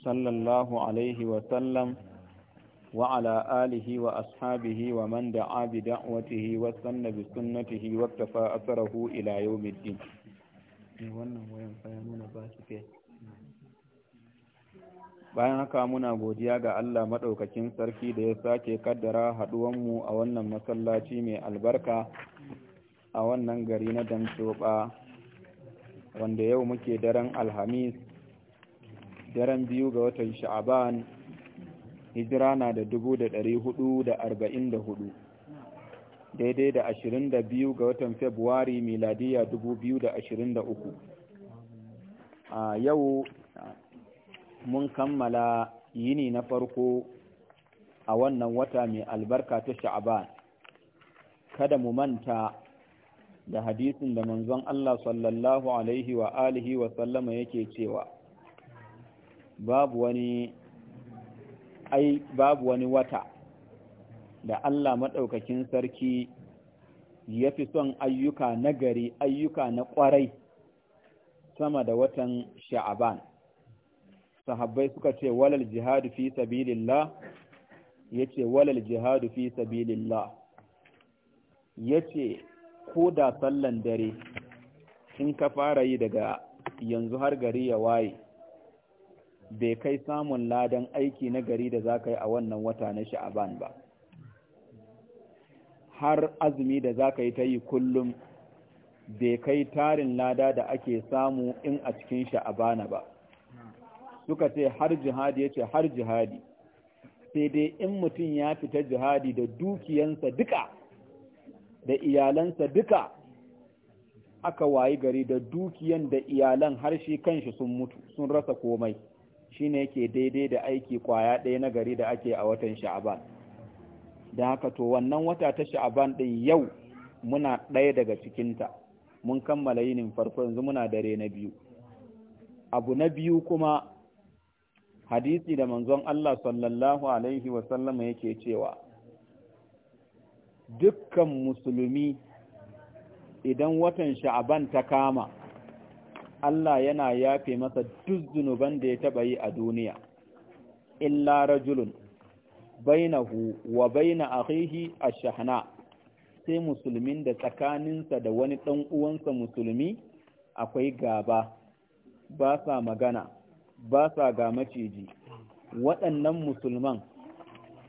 صلى الله عليه وسلم وعلى آله وأصحابه ومن دعا بدعوته واستنى بسنته واكتفى أثره إلى يوم الدين bayan haka muna godiya ga Allah maɗaukakin sarki da ya sake kaddara haɗuwanmu a wannan masallaci mai albarka a wannan gari na damtoba wanda yau muke daren alhamis daren biyu ga watan sha'aban hijira na da dubu da ɗari hudu da arba'in da hudu daidai da ashirin da biyu ga watan februari miladiya dubu biyu da ashirin da uku a yau mun kammala yini na farko a wannan wata mai albarka ta sha'aban kada mu manta da hadisin da manzon Allah sallallahu alaihi wa alihi wa sallama yake cewa babu wani ai babu wani wata da Allah maɗaukakin sarki ya fi son ayyuka na ayyuka na ƙwarai sama da watan sha'aban sahabbai suka ce walal jihadu fi sabilillah yace walal jihadu fi sabilillah yace ko da sallan dare in ka fara yi daga yanzu har gari ya waye bai kai samun ladan aiki na gari da za ka yi a wannan wata na sha'aban ba har azumi da za ka yi ta yi kullum bai kai tarin lada da ake samu in a cikin sha'abana ba suka ce har jihadi ya ce har jihadi sai dai in mutum ya fita jihadi da dukiyansa duka da iyalansa duka aka wayi gari da dukiyan da iyalan har shi kanshi sun mutu sun rasa komai shine yake daidai da aiki kwaya ɗaya na gari da ake a watan sha'aban da haka to wannan wata ta sha'aban ɗin yau muna ɗaya daga cikinta mun kammala yinin farko yanzu muna dare na biyu abu na biyu kuma hadisi da manzon Allah sallallahu alaihi wasallama yake cewa dukkan musulmi idan watan sha'aban ta kama Allah yana yafe masa duk zunuban da ya taɓa yi a duniya, illa rajulun, bainahu wa baina akhihi ash-shahna sai musulmin da tsakaninsa da wani ɗan uwansa musulmi akwai gaba, ba sa magana, ba sa ga maciji. Waɗannan musulman,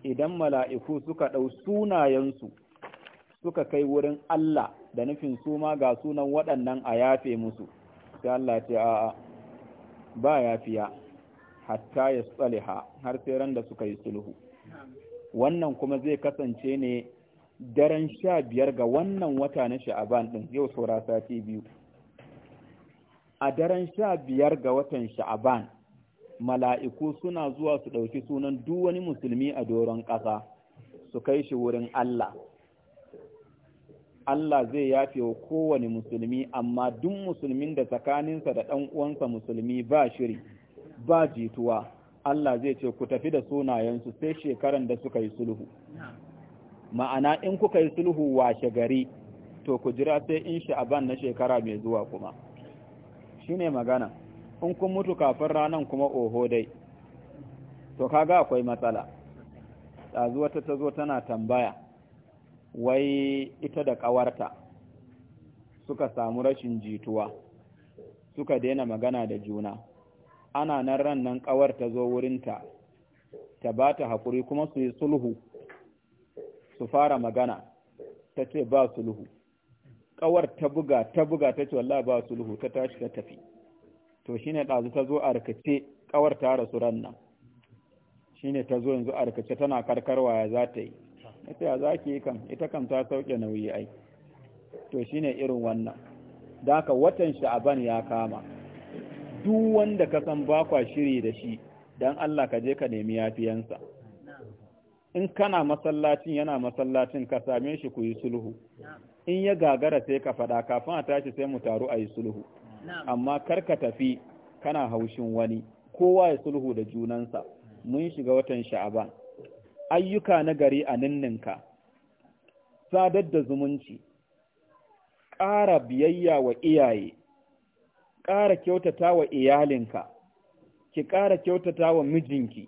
idan mala'iku suka ɗau sunayensu, suka kai wurin Allah da nufin su ma ga sunan waɗannan a yafe musu. sai Allah ce a'a ba yafiya hatta ya tsaliha har sai ran da suka yi sulhu wannan kuma zai kasance ne daren sha biyar ga wannan wata na sha'aban ɗin yau saura sati biyu a daren sha biyar ga watan sha'aban mala'iku suna zuwa su ɗauki sunan duk wani musulmi a doron ƙasa su kai shi wurin Allah Allah zai yafe wa kowane musulmi amma duk musulmin da tsakaninsa da ɗan uwansa musulmi ba shiri ba jituwa Allah zai ce ku tafi da sunayensu sai shekaran da suka yi sulhu ma'ana in kuka yi sulhu washe gari to ku jira sai in sha'aban na shekara mai zuwa kuma shine magana in kun mutu kafin ranar kuma oho dai to kaga akwai matsala ta wata ta zo tana tambaya wai ita da ƙawarta suka samu rashin jituwa suka daina magana da juna ana nan ran nan ƙawar ta zo wurinta ta ba ta haƙuri kuma su yi sulhu su fara magana ta ce ba sulhu ƙawar ta buga ta buga ta ce wallah ba sulhu ta tashi ta tafi to shine ɗazu ta zo a rikice ƙawar ta rasu ran nan shine ta zo yanzu a rikice tana karkarwa ya za ta yi ita ya a za yi kam ita kam ta sauke nauyi ai to shine irin wannan da haka watan sha'aban ya kama duk wanda ka san ba kwa shiri da shi dan Allah ka je ka nemi yafiyansa in kana masallacin yana masallacin ka same shi ku yi sulhu in ya gagara sai ka faɗa kafin a tashi sai mu taru a yi sulhu amma kar ka tafi kana haushin wani kowa ya sulhu da junansa mun shiga watan sha'aban ayyuka na gari a ninninka sadar da zumunci ƙara biyayya wa iyaye ƙara kyautata wa iyalinka ki ƙara kyautata wa mijinki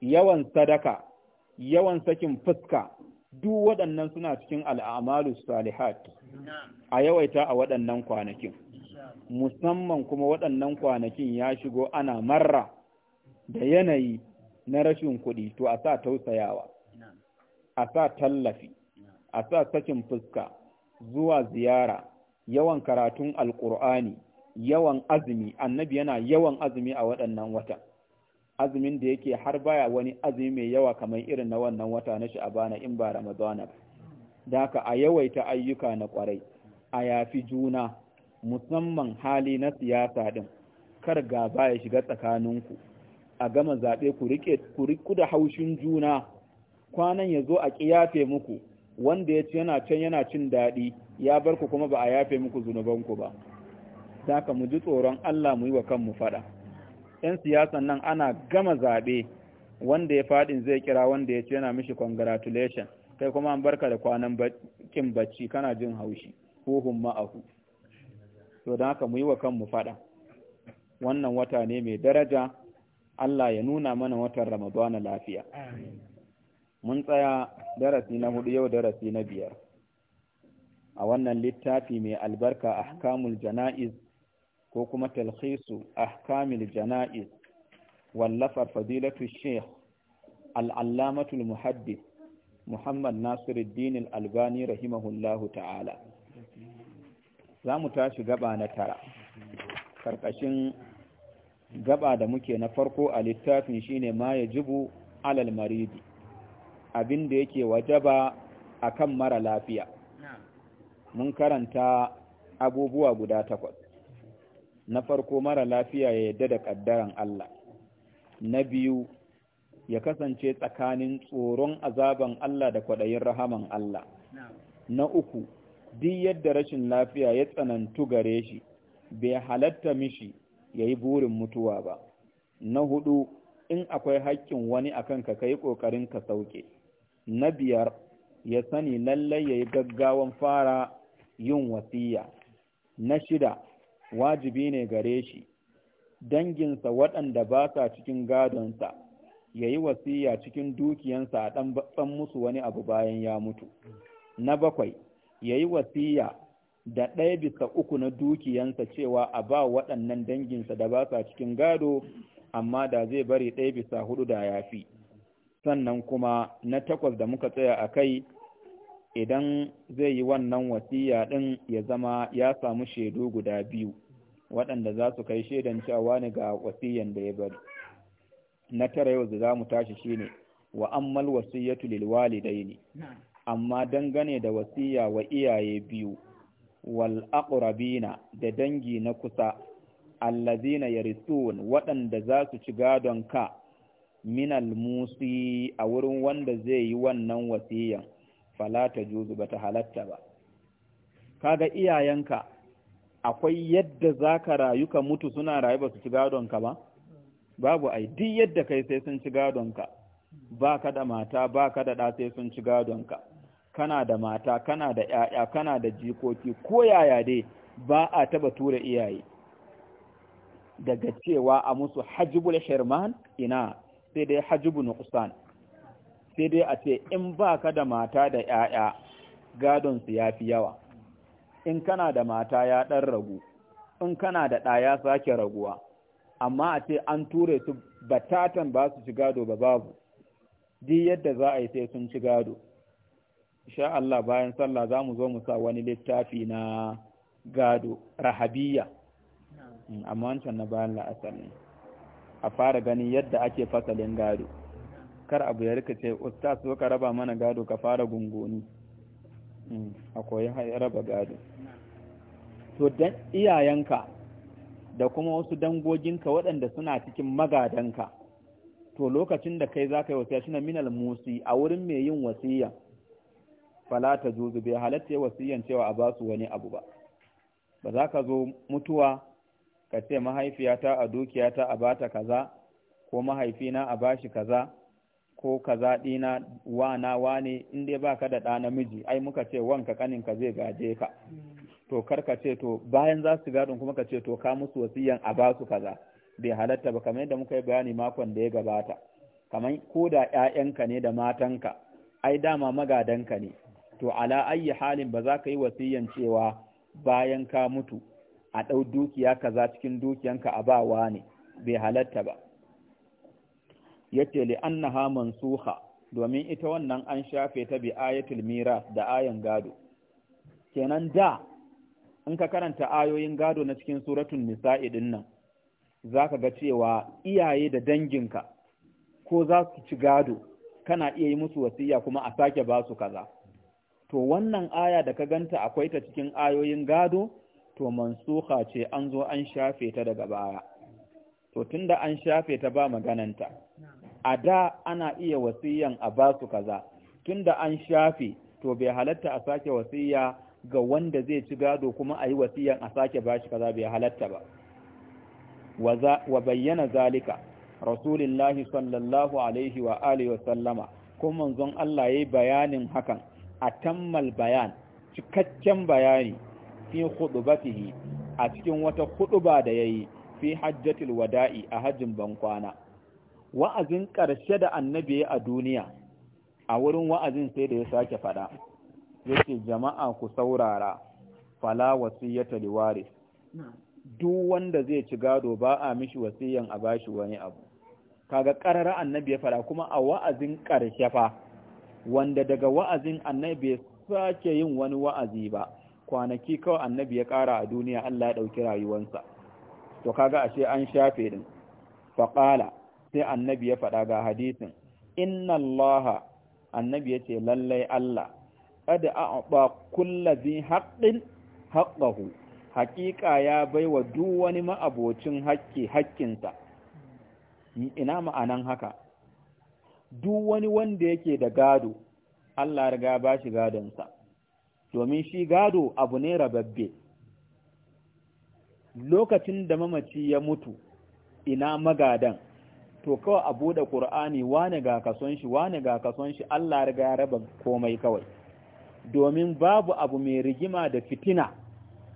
yawan sadaka yawan sakin fuska duk waɗannan suna cikin al'amalu salihat a yawaita a waɗannan kwanakin musamman kuma waɗannan kwanakin ya shigo ana marra da yanayi na rashin kuɗi to a sa tausayawa a sa tallafi a sa sakin fuska zuwa ziyara yawan karatun Alƙur'ani, yawan azumi annabi yana yawan azumi a waɗannan wata azumin da yake har baya wani azumi mai yawa kamar irin na wannan wata na sha'abana in ba ramadana ba da haka a yawaita ayyuka na kwarai a yafi juna musamman hali na siyasa ɗin. kar gaba ya shiga tsakaninku a gama zaɓe ku riƙe ku da haushin juna kwanan ya zo a kiyafe muku wanda ya ci yana can yana cin daɗi ya bar ku kuma ba a yafe muku zunubanku ba ka mu ji tsoron Allah mu yi wa kanmu faɗa 'yan siyasan nan ana gama zaɓe wanda ya faɗin zai kira wanda ya ce yana mishi congratulation kai kuma an barka da kwanan kin bacci kana jin haushi huhun ma'ahu to don haka mu yi wa kanmu faɗa wannan wata ne mai daraja Allah ya nuna mana watan Ramadana lafiya. Mun tsaya darasi na hudu yau darasi na biyar. A wannan littafi mai albarka ahkamul jana'iz ko kuma talhisu ahkamul jana'iz wallafar fadilatu sheikh al'allamatul muhaddis Muhammad Nasiruddin al'albani rahimahullahu ta'ala. Za mu tashi gaba na tara, ƙarƙashin gaba da muke na farko a littafin shine ma ya jibu alal maridi abin da yake wajaba akan mara lafiya mun karanta abubuwa guda takwas na farko mara lafiya ya yadda da ƙaddaran Allah na biyu ya kasance tsakanin tsoron azaban Allah da kwaɗayin rahaman Allah na uku duk yadda rashin lafiya ya tsanantu gare shi bai halatta mishi ya yi burin mutuwa ba na hudu in akwai haƙƙin wani akan ka kai ƙoƙarin ka sauke na biyar ya sani lallai ya yi gaggawan fara yin wasiya na shida wajibi ne gare shi danginsa waɗanda ba sa cikin gadonsa ya yi wasiya cikin dukiyansa a ɗan musu wani abu bayan ya mutu na bakwai ya yi wasiya da ɗaya bisa uku na dukiyansa cewa a ba waɗannan danginsa da ba sa cikin gado amma da zai bari ɗaya bisa hudu da ya fi sannan kuma na takwas da muka tsaya a kai idan zai yi wannan wasiya ɗin ya zama ya samu shaidu guda biyu waɗanda za su kai shaidan cewa ne ga wasiyan da ya bari na tara yau da za mu tashi shine wa ammal wasiyatu lil walidaini amma dangane da wasiya wa iyaye biyu wal aqrabina da dangi na kusa allazina yarisun waɗanda za su ci gadon ka minal musi a wurin wanda zai yi wannan wasiyan fala ta juzu ta halatta ba kaga iyayenka akwai yadda za ka rayu ka mutu suna rayu ba su ci ka ba babu ai duk yadda kai sai sun ci ka, ba ka da mata ba ka da ɗa sai sun ci gadon ka. kana da mata kana da ‘ya'ya kana da jikoki ko yaya dai ba a taba tura iyaye daga cewa a musu hajjibul shirman ina sai dai hajjibu nuqsan sai dai a ce in ba ka da mata da ‘ya'ya gadonsu ya fi yawa in kana da mata ya ɗan ragu in kana da ɗaya sake raguwa amma a ce an ture su batatan ba su ci gado ba babu duk yadda za a yi sai sun ci gado insha Allah bayan sallah za mu zo mu sa wani littafi na gado rahabiya hmm, amma wancan na bayan la'asar ne a fara ganin yadda ake fasalin gado kar abu ya rikice ce ustaz so ka raba mana gado ka fara gungoni hmm, a koyi raba gado to dan iyayenka da kuma wasu dangoginka waɗanda suna cikin magadanka to lokacin da kai za ka yi wasiya shi na minal musi a wurin mai yin wasiya fala ta juzu bai halatta ya wasiyan cewa a ba su wani abu ba ba za ka zo mutuwa ka ce mahaifiyata a dukiyata a ba ta kaza ko mahaifina a ba shi kaza ko kaza ɗina wana wane in dai ka da ɗa namiji ai muka ce wanka ka zai gaje ka to kar ka ce to bayan za su gadon kuma ka ce to ka musu wasiyan a basu kaza bai halatta ba kamar yadda muka yi bayani makon da ya gabata kamar ko da 'ya'yanka ne da matanka ai dama magadanka ne to ala ayyi halin ba za ka yi wasiyan cewa bayan ka mutu a ɗau dukiya kaza cikin dukiyanka a bawa ne bai halatta ba yace li annaha mansuha domin ita wannan an shafe ta bi ayatul miras da ayan gado kenan da in ka karanta ayoyin gado na cikin suratul nisa'i din nan zaka ga cewa iyaye da danginka ko za su ci gado kana iya yi musu wasiya kuma a sake ba su kaza to wannan aya da ka ganta akwai ta cikin ayoyin gado to mansuha ce an zo an shafe ta daga baya to tunda an shafe ta ba magananta a da ana iya wasiyan a ba su kaza tunda an shafe to bai halatta a sake wasiya ga wanda zai ci gado kuma a yi wasiyan a sake bashi kaza bai halatta ba wa bayyana zalika rasulullahi sallallahu alaihi wa alihi wa sallama kuma manzon Allah yayi bayanin hakan atammal bayan cikakken bayani fi khutbatihi a cikin wata ba da yayi fi hajjatul wada'i a hajjin bankwana wa'azin ƙarshe da annabi a duniya a wurin wa'azin sai da ya sake fada yace jama'a ku saurara fala wasiyata liwaris duk wanda zai ci gado ba a mishi wasiyan a bashi wani abu kaga ƙarara annabi ya fara kuma a wa'azin ƙarshe fa wanda daga wa'azin annabi ya sake yin wani wa'azi ba kwanaki kawai annabi ya ƙara a duniya Allah ya ɗauki rayuwansa to kaga ashe an shafe din faƙala sai annabi ya faɗa ga hadisin inna allaha annabi ya ce lallai Allah kada a ɓa kulla zin haƙɗin haƙƙahu haƙiƙa ya bai wa duk wani ma'abocin haƙƙi haƙƙinsa ina ma'anan haka duk wani wanda yake da gado Allah riga ba shi gadonsa domin shi gado abu ne rababbe lokacin da mamaci ya mutu ina magadan to kawai a buɗe ƙur'ani wane ga kason shi wane ga kason shi Allah riga raba komai kawai domin babu abu mai rigima da fitina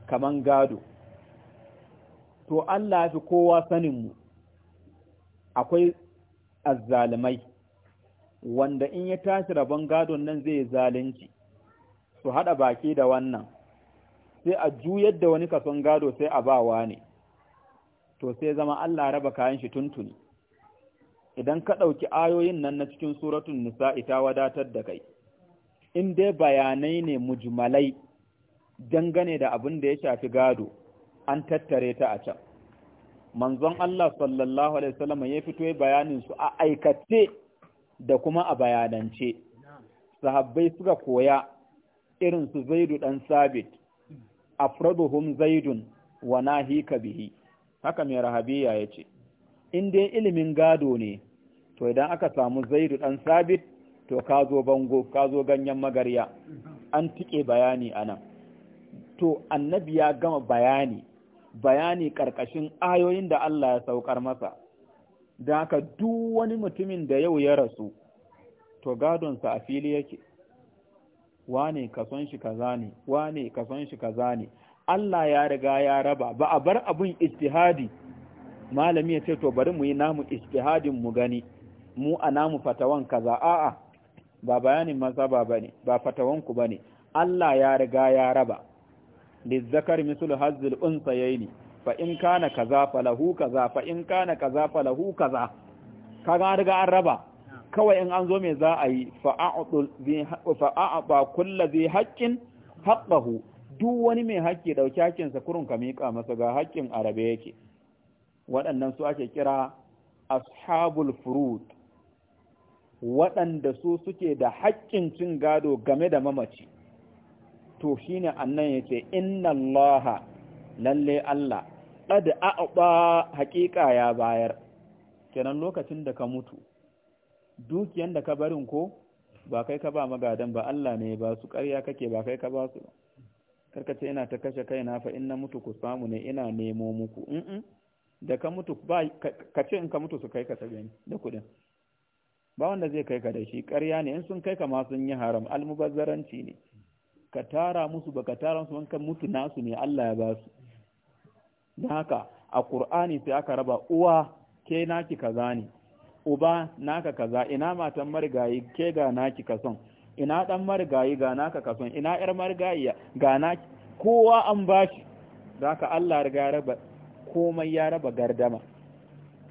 kaman gado to Allah fi kowa saninmu akwai azzalumai wanda in ya tashi rabon gadon nan zai zalunci su haɗa baki da wannan sai a juyar da wani kason gado sai a bawa ne to sai zama Allah raba kayan shi tuntuni idan ka ɗauki ayoyin nan na cikin suratun nisa'i ta wadatar da kai in dai bayanai ne mujmalai dangane da abin da ya shafi gado an tattare ta a can manzon Allah sallallahu alaihi wasallam ya fito bayanin su a aikace da kuma a bayanance sahabbai suka koya irin su zaidu ɗan sabit afraduhum zaidun wa hika bihi haka mai rahabiya yace in dai ilimin gado ne to idan aka samu zaidu ɗan sabit to ka zo bango ka zo ganyen magarya an tike bayani anan to annabi ya gama bayani bayani ƙarƙashin ayoyin da Allah ya saukar masa da aka duk wani mutumin da yau ya rasu to gadonsa a fili yake wane kason shi ka ne wane kason shi ka ne Allah ya riga ya raba ba a bar abun istihadi, malami ya ce to bari mu yi namu istihadin mu gani mu a namu fatawan kaza a'a ba bayanin ba bane ba fatawan ku bane Allah ya riga ya raba lizzakar misul hazzul ne. fa in kana kaza falahu kaza fa in kana kaza falahu kaza kaga an riga an raba kawai in an zo me za a yi fa a'ata kullu zai haqqin haqqahu duk wani mai haƙƙi dauki haƙƙin sa kurun ka masa ga haƙƙin arabe yake waɗannan su ake kira ashabul furut. waɗanda su suke da haƙƙin cin gado game da mamaci to shine annan yace inna allaha lalle Allah da a'ta haqiqa ya bayar kenan lokacin da ka mutu dukiyan da ka barin ko ba kai ka ba magadan ba Allah ne ba su ƙarya kake ba kai ka ba su ba karka ce ina ta kashe kai fa fa'in na mutu ku samu ne ina nemo muku in da ka mutu ba ka ce in ka mutu su kai ka ni da kuɗin ba wanda zai kai ka da shi ƙarya ne in sun kai ka ma sun yi haram almubazzaranci ne ka tara musu ba ka tara musu ban ka mutu nasu ne Allah ya ba su da haka a ƙur'ani sai aka raba uwa ke naki kaza ne uba naka kaza ina matan marigayi ke ga naki kason ina dan marigayi ga naka kason ina yar marigayi ga naki kowa an bashi da haka Allah ya raba komai ya raba gardama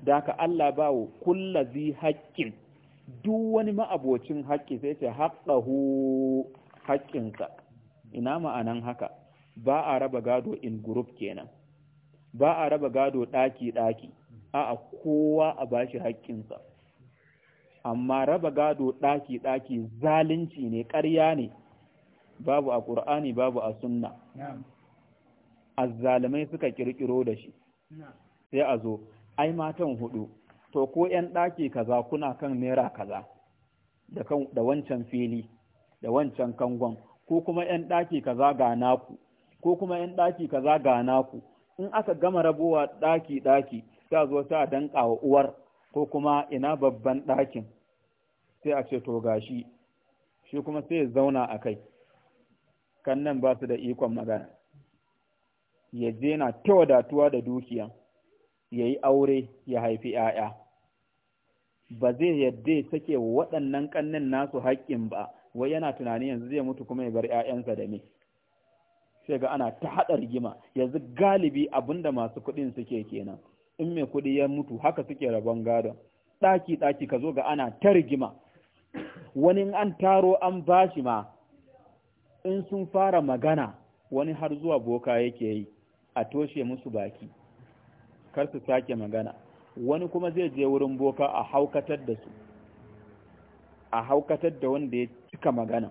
da haka Allah bawo kullazi haƙƙin duk wani ma'abocin haƙƙi sai ce haƙƙahu haƙƙinsa ina ma'anan haka ba a raba gado in group kenan ba a raba gado ɗaki-ɗaki a kowa a bashi haƙƙinsa amma raba gado ɗaki-ɗaki zalunci ne ƙarya ne babu a ƙur'ani babu a sunna azzalimai suka ƙirƙiro da shi sai a zo ai matan hudu to ko 'yan ɗaki kaza kuna kan naira kaza da wancan fili da wancan kangon ko kuma 'yan ɗaki kaza ga naku ko kuma 'yan ɗaki kaza ga naku in aka gama rabuwa ɗaki ɗaki sai a zo sai a danka wa uwar ko kuma ina babban ɗakin sai a ce to gashi shi kuma sai ya zauna a kai kan nan ba su da ikon magana ya je na ta wadatuwa da dukiya ya yi aure ya haifi ‘ya'ya ba zai yadda ya sake waɗannan ƙannen nasu haƙƙin ba wai yana tunani yanzu zai mutu kuma ya bar ‘ya'yansa da me. sai ga ana ta haɗa rigima yanzu galibi abinda masu kuɗin suke kenan in mai kuɗi ya mutu haka suke rabon gadon ɗaki ɗaki ka zo ga ana ta rigima wani an taro an bashi ma in sun fara magana wani har zuwa boka yake yi a toshe musu baki kar su sake magana wani kuma zai je wurin boka a haukatar da su a haukatar da wanda ya cika magana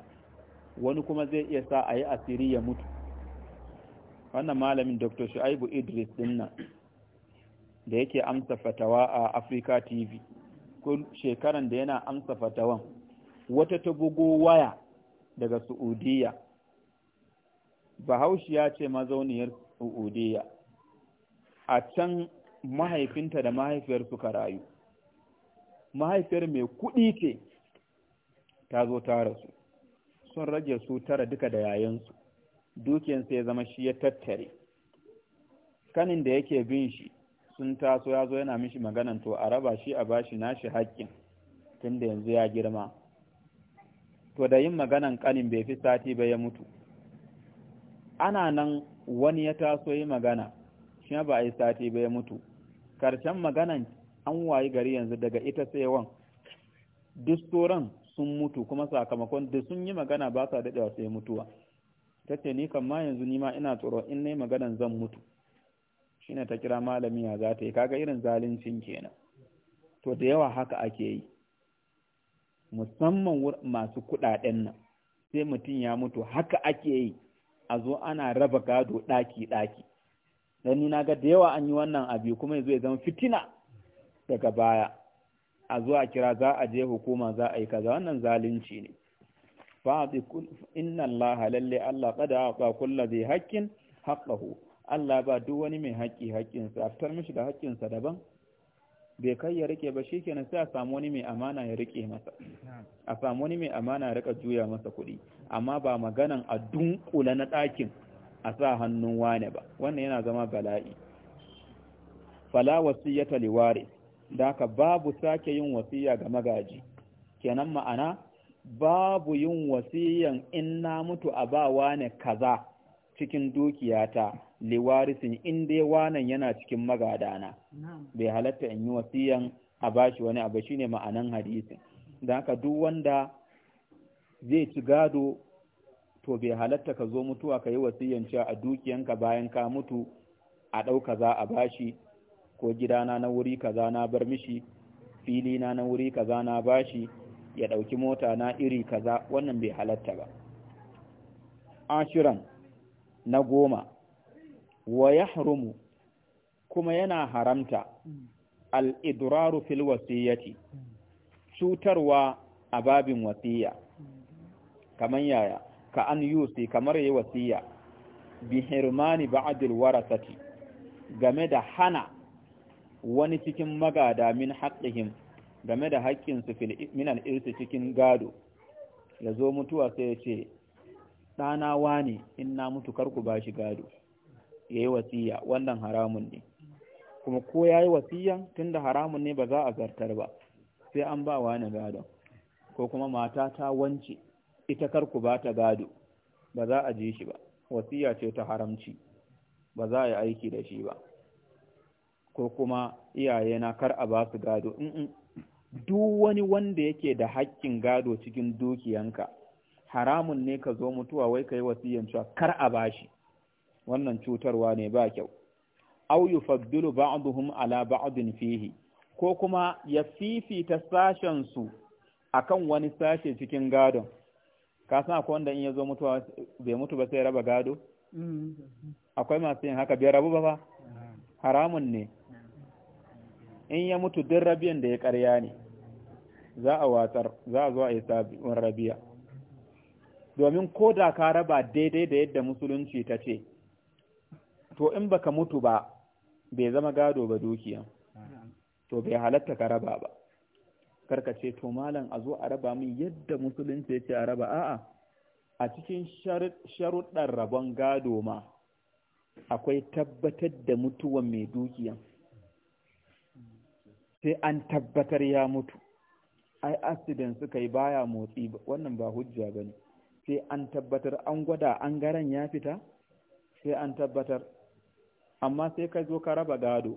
wani kuma zai iya sa a yi asiri ya mutu wannan malamin dr shu'aibu idris dinnan da yake amsa fatawa a africa tv shekaran da yana amsa fatawan wata ta bugo waya daga su'udiyya bahaushiya ce mazauniyar su'udiyya a can mahaifinta da mahaifiyar suka rayu mahaifiyar mai kuɗi ce ta zo ta rasu sun rage su tara duka da yayansu dukiyansa ya zama shi ya tattare kanin da yake bin shi sun taso ya zo yana mishi maganan to a raba shi a bashi nashi haƙƙin da yanzu ya girma to da yin maganan kanin bai fi sati ba ya mutu ana nan wani ya taso yi magana shi ba a yi sati ba ya mutu karshen maganan an wayi gari yanzu daga ita sayawan duk sun mutu kuma sakamakon da sun yi magana ba sa daɗewa sai mutuwa ta ce ni kan ma yanzu ni ma ina tsoro in nayi maganan zan mutu shine ta kira malami ya za ta yi kaga irin zaluncin kenan to da yawa haka ake yi musamman masu kuɗaɗen nan sai mutum ya mutu haka ake yi a zo ana raba gado daki daki dan ni naga da yawa an yi wannan abi kuma yazo ya zama fitina daga baya a zo a kira za a je hukuma za a yi kaza wannan zalunci ne fa'ati inna Allah lalle Allah qada ba kullu bi haqqin haqqahu Allah ba duk wani mai haƙƙi haƙƙinsa a fitar mishi da haƙƙinsa daban bai kai ya rike ba shi kenan sai a samu wani mai amana ya rike masa a samu wani mai amana ya rika juya masa kuɗi amma ba maganan a dunkula na ɗakin a sa hannun wane ba wannan yana zama bala'i fala wasiyyata liwari da ka babu sake yin wasiya ga magaji kenan ma'ana babu yin wasiyan in na mutu a ba wane kaza cikin dukiyata liwarisin in dai wanan yana cikin magadana bai halatta in yi wasiyan a bashi wani abu shine ma'anan hadisi. don haka duk wanda zai ci gado to bai halatta ka zo mutuwa ka yi wasiyan cewa a dukiyanka bayan ka mutu a ɗauka za a bashi ko gidana na wuri kaza na bar mishi filina na wuri kaza na bashi ya ɗauki mota na iri kaza wannan bai halatta ba ashiran na goma wa yahrumu kuma yana haramta al'idraru fil wasiyyati cutarwa a babin wasiyya kamar yaya ka an yusi kamar yi wasiyya bi hirmani ba'adil warasati game da hana wani cikin magada min haƙƙihim game da haƙƙinsu minan irsi cikin gado ya zo mutuwa sai ya ce ɗana wane in na mutu karku ba shi gado ya yi wasiya wannan haramun ne kuma ko ya yi wasiyan tun da haramun ne ba za a zartar ba sai an ba wani gado ko kuma mata ta wance ita karku ba ta gado ba za a ji shi ba wasiya ce ta haramci ba za a yi aiki da shi ba ko kuma iyayena kar a ba su gado in duk wani wanda yake da haƙƙin gado cikin dukiyanka haramun ne ka zo mutuwa wai ka yi wasiyan cewa kar a bashi wannan cutarwa ne ba kyau aw yufaddilu ba'dhum ala ba'din fihi ko kuma ya fifita sashen su akan wani sashe cikin gadon ka san akwai wanda in ya zo mutuwa bai mutu ba sai raba gado mm. akwai masu yin haka bai rabu ba ba haramun ne in ya mutu duk rabiyan da ya karya ne za a watsar za a zo a rabiya domin ko da ka raba daidai da yadda musulunci ta ce to in baka mutu ba bai zama gado ba dukiya to bai halatta ka raba ba Karka ce to malam a zo a raba min yadda musulunci ya ce a raba a'a a cikin sharuɗan rabon gado ma akwai tabbatar da mutuwan mai dukiyan sai an tabbatar ya mutu ai accident suka yi baya motsi wannan ba hujja bane sai an tabbatar an gwada an garan ya fita sai an tabbatar amma sai ka zo ka raba gado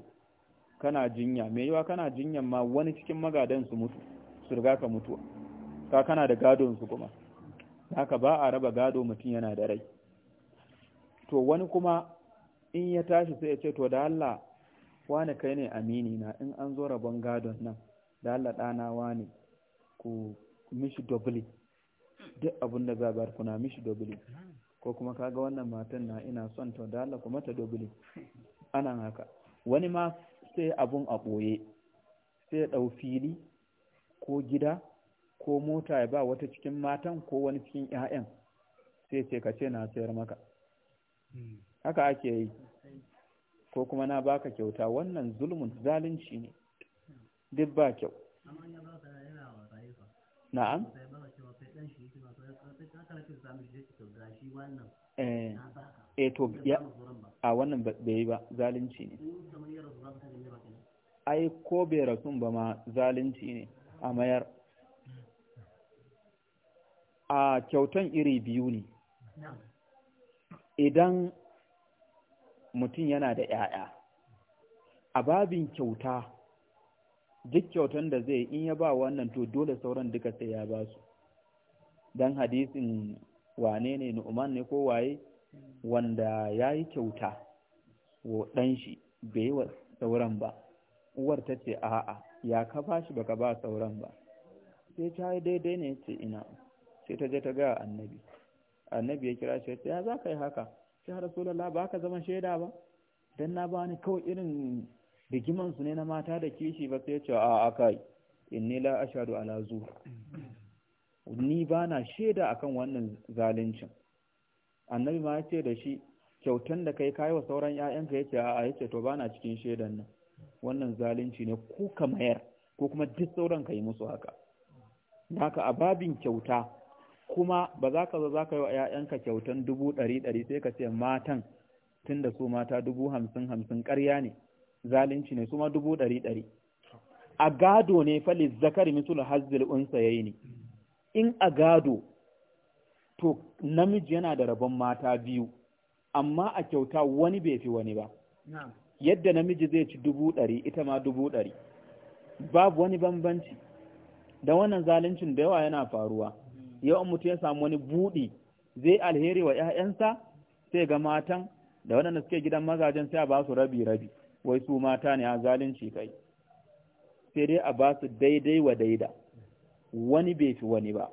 kana jinya me yawa kana jinyan ma wani cikin magadan su mutu su riga ka mutu ka kana da gadon su kuma haka ba a raba gado mutum yana da rai to wani kuma in ya tashi sai ya ce to da Allah wani kai ne amini na in an zo rabon gadon nan da Allah ɗana wani ku mishi dobli duk abin da za bar kuna mishi dobli ko kuma kaga wannan matan na ina son ta da Allah kuma ta dobli ana haka wani ma sai abun a ɓoye sai ɗau fili ko gida ko mota ya ba wata cikin matan ko wani cikin 'ya'yan sai ce ka ce na sayar maka hmm. haka ake yi ko kuma na baka kyauta wannan zulmun zalunci ne duk ba kyau na'am eh to a wannan bai ba zalunci ne ai ko bai rasun ba ma zalunci ne a mayar a kyautan iri biyu ne idan mutum yana da ‘ya'ya. A babin kyauta, duk kyautan da zai in ya ba wannan to dole sauran duka sai ya ba su. Don hadisin wane ne Nu'man ne ko waye wanda ya yi kyauta wa ɗan shi bai wa sauran ba. Uwar ta ce, a'a, ya ka ba shi baka ba sauran ba. Sai ta yi daidai ne ce ina, sai ta je ta ga annabi. Annabi ya kira shi ya za ka yi haka. ya rasulullah ba ka zama shaida ba dan na bani kawai irin rigiman su ne na mata da kishi ba sai ya ce a akai inni la ashhadu ala zu ni bana shaida akan wannan zaluncin annabi ma ya ce da shi kyautan da kai kayi wa sauran yayan ka ce a ya to ba na cikin shaidan nan wannan zalunci ne ko ka mayar ko kuma duk sauran ka yi musu haka da haka a babin kyauta kuma ba za ka zo za ka yi wa 'ya'yanka kyautan dubu ɗari ɗari sai ka ce matan tun da su mata dubu hamsin hamsin ƙarya ne zalunci ne su ma dubu ɗari ɗari a gado ne fali zakari misul hazzil unsa yayi ne in a gado to namiji yana da rabon mata biyu amma a kyauta wani bai fi wani ba yadda namiji zai ci dubu ɗari ita ma dubu ɗari babu wani bambanci da wannan zaluncin da yawa yana faruwa Yawan mutum ya samu wani buɗi zai alheri wa ‘ya'yansa sai ga matan da waɗanda suke gidan mazajen sai a ba su rabi-rabi wai su mata ne a zalunci kai sai dai a ba su daidai wa daida wani bai fi wani ba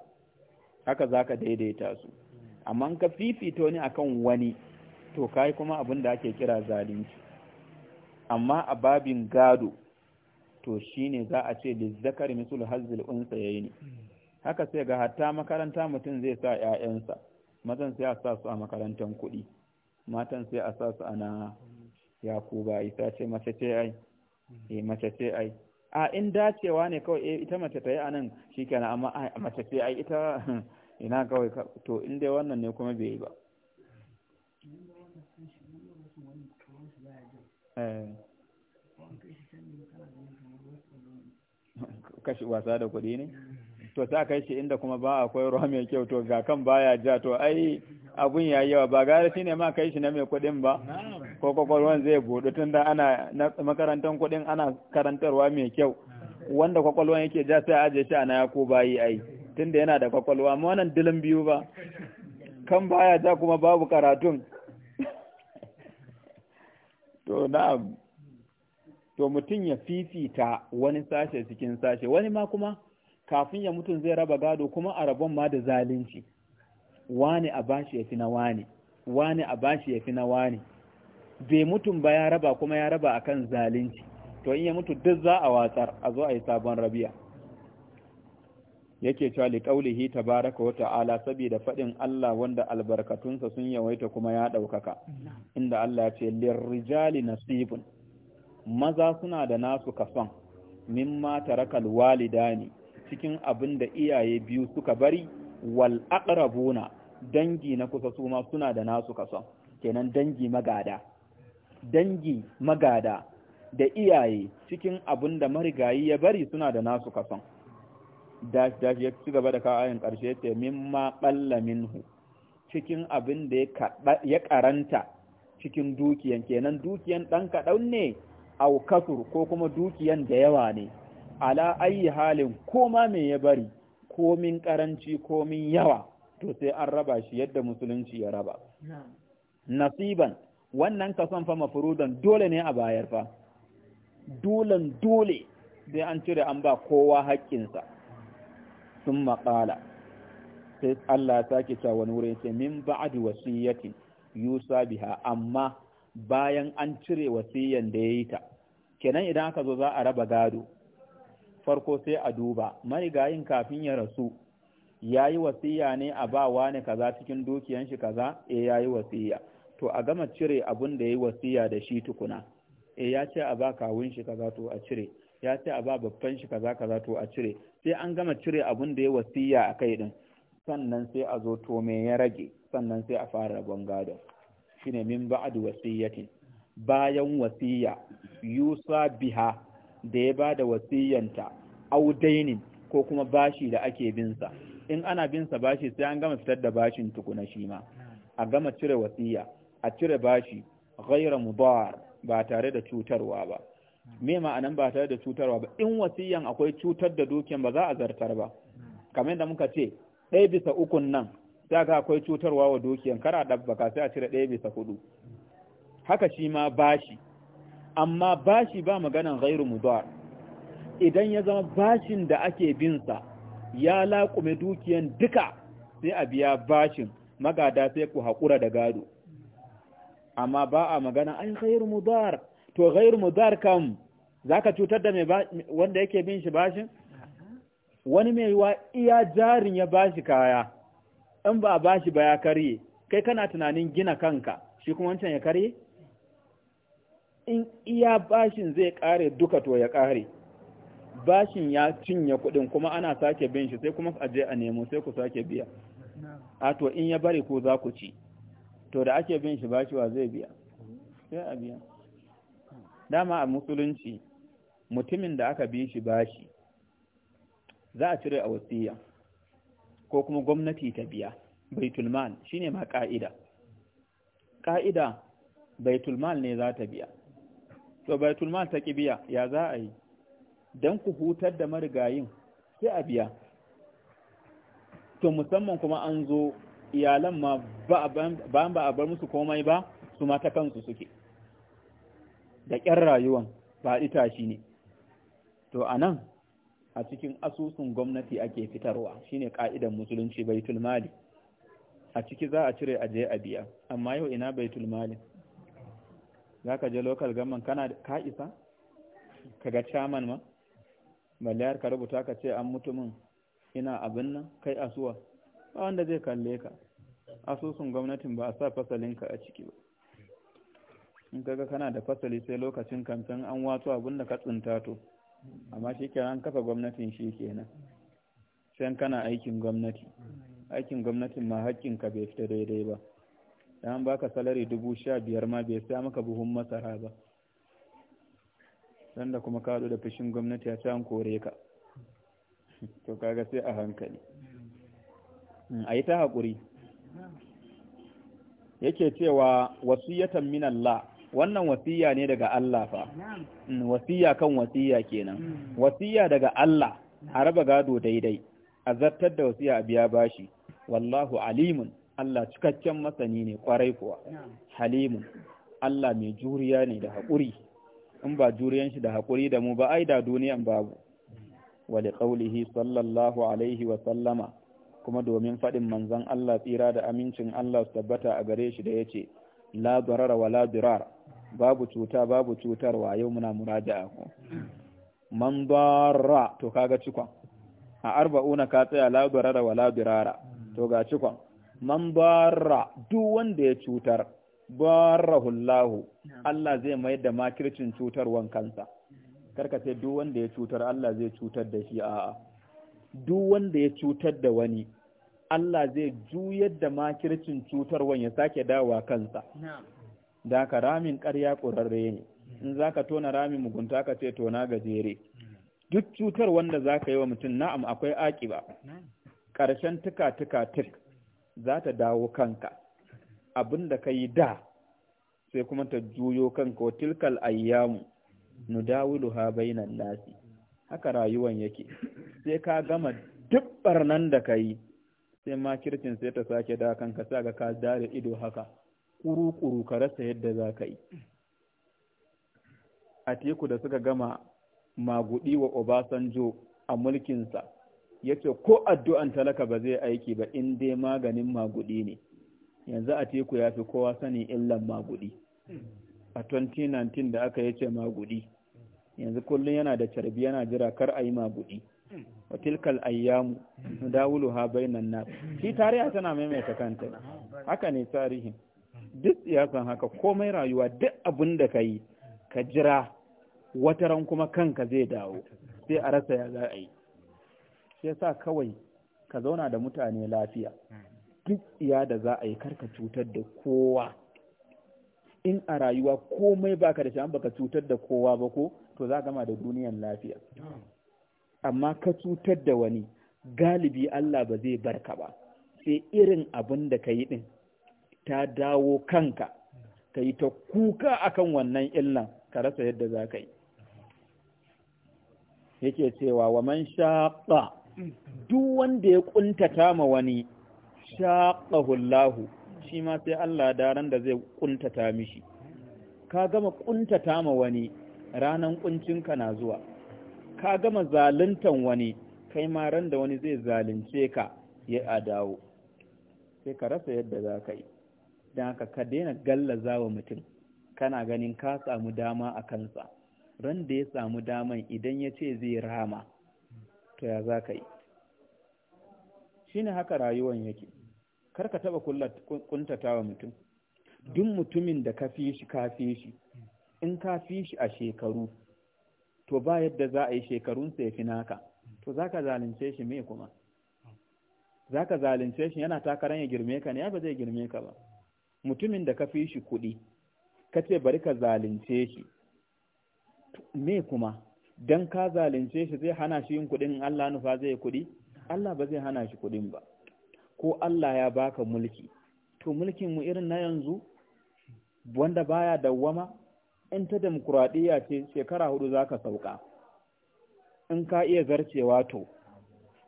haka za ka daidaita su amma ka fifita wani kan wani to kai kuma abin da ake kira zalunci amma a babin gado to shine za a ce lizzakar misul unsa yayi ne haka sai ga hatta makaranta mutum zai sa ‘ya'yansa matan sai a sa su a makarantar kuɗi matan sai a sa su ana ba, isa ce mace ce ai eh mace ce ai a in dacewa ne kawai eh, ita mace ta yi a nan shi kenan amma mace ce ai ita ina kawai to in dai wannan ne kuma bai yi ba eh. kashi wasa da kuɗi ne? to sa kai shi inda kuma ba akwai ruwa mai kyau to ga kan baya ja to ai abun ya yawa ba shi ne ma kai shi na mai kuɗin ba ko kwakwalwan zai buɗu tun da ana makarantar kuɗin ana karantarwa mai kyau wanda kwakwalwan yake ja sai aje shi ana ya ko bayi ai tun da yana da kwakwalwa amma wannan dilin biyu ba kan baya ja kuma babu karatun to na to mutum ya fifita wani sashe cikin sashe wani ma kuma kafin ya mutum zai raba gado kuma a rabon ma da zalunci wani a bashi ya fi na wani wani a bashi ya fi na wani bai mutum ba ya raba kuma ya raba akan zalunci to in ya mutu duk za a watsar a zo a yi sabon rabiya yake cewa li qaulihi tabaraka wa ta'ala saboda fadin Allah wanda albarkatunsa sun yawaita kuma ya daukaka inda Allah ya ce lirrijali nasibun maza suna da nasu kason mimma tarakal walidani cikin abin da iyaye biyu suka bari wal aqrabuna dangi na kusa su ma suna da nasu kaso kenan dangi magada dangi magada da iyaye cikin abin da marigayi ya bari suna da nasu kaso dash dash ya ci gaba da ka ayin karshe ce mimma qalla minhu cikin abin da ya karanta cikin dukiyan kenan dukiyan dan kadan ne au kasur ko kuma dukiyan da yawa ne ala ayi halin koma me ya bari komin karanci komin yawa to sai an raba shi yadda musulunci ya raba nasiban wannan kason fa mafurudan dole ne a bayar fa dolen dole sai an cire an ba kowa haƙƙinsa sun maƙala sai Allah sake cewa wani wurin sai min ba'di wasiyatin yusa biha amma bayan an cire wasiyan da yayi ta kenan idan aka zo za a raba gado farko sai a duba marigayin kafin ya rasu ya yi wasiya ne a ba wani kaza cikin dukiyan shi kaza e eh, ya yi wasiya to a gama cire abun da ya yi wasiya da shi tukuna e ya ce a ba kawun shi kaza to a cire ya ce a ba babban shi kaza kaza to a cire sai an gama cire abun da ya wasiya a kai din sannan sai a zo to me ya rage sannan sai a fara rabon gado shine min ba'd wasiyatin bayan wasiya yusa biha da ya ba da wasiyyanta audainin ko kuma bashi da ake binsa in ana binsa bashi sai an gama fitar da bashin tukuna shi ma a gama cire wasiyya a cire bashi ghaira mudar ba tare da cutarwa ba me ma'anan ba tare da cutarwa ba in wasiyan akwai cutar da dukiyan ba za a zartar ba kamar yadda muka ce ɗaya bisa ukun nan sai ga akwai cutarwa wa dukiyan kara dabbaka sai a cire ɗaya bisa hudu haka shi ma bashi amma bashi ba maganan ghairu mudar idan ya zama bashin da ake binsa ya laƙume dukiyan duka sai a biya bashin magada sai ku haƙura da gado amma ba a magana ai ghairu mudar to ghairu mudar kam zaka cutar da wanda yake bin shi bashin wani mai yiwa iya jarin ya bashi kaya in ba a bashi ba ya karye kai kana tunanin gina kanka shi kuma wancan ya karye in iya bashin zai kare duka to ya kare bashin ya cinye kuɗin kuma ana sake bin shi sai kuma a je a nemo sai ku sake biya a to in ya bari ko za ku ci to da ake bin shi wa zai biya sai a biya dama a musulunci mutumin da aka bi shi bashi za a cire a wasiya ko kuma gwamnati ta biya baitulman shine ma ka'ida ka'ida baitulmal ne za ta biya to baitul mal ta kibiya ya za a yi dan ku hutar da marigayin sai a biya to musamman kuma an zo iyalan ma ba ba a bar musu komai ba su ma ta kansu suke da ƙyar rayuwan ba shi ne to anan a cikin asusun gwamnati ake fitarwa shine ka'idan musulunci baitul mali a ciki za a cire aje a biya amma yau ina baitul mali za ka je local government kana ka isa ka ga chairman ma baliyar ka rubuta ka ce an mutumin ina abin nan kai asuwa ba wanda zai kalle ka asusun gwamnatin ba a sa fasalinka a ciki ba in kaga kana da fasali sai lokacin kamfen an watsu abin da ka tsinta to amma shi an kafa gwamnatin shi kenan sai kana aikin gwamnati aikin gwamnatin ma haƙƙinka bai fita daidai ba da an baka salari dubu sha biyar ma bai sa maka buhun masara ba sanda kuma ka da fushin gwamnati ya sa an kore ka to kaga sai a hankali hmm, a yi ta haƙuri yake cewa wasiyatan min Allah wannan wasiya ne daga Allah fa hmm, wasiya kan wasiya kenan hmm. wasiya daga Allah a raba gado daidai a zartar da wasiya a biya bashi wallahu alimun Allah cikakken masani ne kwarai kuwa halimun Allah mai juriya ne da haƙuri in ba juriyan shi da haƙuri da mu ba ai da duniyan babu wa liqaulihi sallallahu alaihi wa sallama kuma domin faɗin manzon Allah tsira da amincin Allah su tabbata a gare shi da yace la darara wa la dirar babu cuta babu cutarwa yau muna muraja'a ko man darra to kaga cikon a arba'una ka tsaya la darara wa la dirara to ga cikon man barra duk wanda ya cutar barrahullahu Allah zai mai da makircin cutarwan kansa karka sai duk wanda ya cutar Allah zai cutar da shi a'a duk wanda ya cutar da wani Allah zai juyar da makircin cutarwan ya sake dawa kansa da ka ramin ƙarya ƙurarre ne in za ka tona ramin mugunta ka ce tona gajere duk cutar wanda za ka yi wa mutum na'am akwai aƙiba ƙarshen tuka tuka tuka za ta dawo kanka abin da ka yi da sai kuma ta juyo kanka wa tilkal ayyamu nu nudawiluha bainan nasi haka rayuwan yake sai ka gama duk barnan da ka yi sai ma kircin sai ta sake da kanka sai ga ka dare ido haka kuru-kuru ka rasa yadda za ka yi a teku da suka gama magudi wa obasanjo a mulkinsa ya ce ko addu'an talaka ba zai aiki ba in dai maganin maguɗi ne yanzu a teku ya fi kowa sani illan magudi a 2019 da aka yace magudi yanzu kullum yana da carbi yana jira kar a yi magudi wa tilkal ayyamu dawulu ha bainan nas shi tarihi tana maimaita kanta haka ne tarihin duk siyasan haka komai rayuwa duk abin da ka yi ka jira wataran kuma kanka zai dawo sai a rasa ya za a yi shi yasa kawai ka zauna da mutane lafiya duk iya da za a yi karka cutar da kowa in a rayuwa komai baka da shi baka cutar da kowa ba ko to za gama da duniyan lafiya amma ka cutar da wani galibi Allah ba zai barka ba sai irin abin da ka yi din ta dawo kanka ka yi ta kuka akan wannan illan ka rasa yadda za ka yi yake cewa wa man shaqa duk wanda ya kuntata ma wani shaqahullahu shi ma sai Allah da ran da zai kuntata mishi ka gama kuntata ma wani ranan kuncinka na zuwa ka gama zaluntan wani kai ma ran da wani zai zalunce ka ya adawo sai ka rasa yadda za ka yi don haka ka daina gallaza wa mutum kana ganin ka samu dama a kansa ran da ya samu daman idan ya ce zai rama to ya za ka yi shi ne haka rayuwan yake kar ka taɓa kuntata wa mutum duk mutumin da ka fi shi ka fi shi in ka fi shi a shekaru to ba yadda za a yi shekarunsa ya fi naka to za ka zalunce shi me kuma za ka zalunce shi yana takarar ya girme ka ne ya ba zai girme ka ba mutumin da ka fi shi kuɗi ka ce bari ka zalunce shi me kuma dan ka zalunce shi zai hana shi yin kuɗin Allah nufa zai yi kuɗi Allah ba zai hana shi kuɗin ba ko Allah ya baka mulki to mulkin mu irin na yanzu wanda baya dawwama in ta demokuraɗiyya ce shekara hudu zaka sauka in ka iya zarcewa to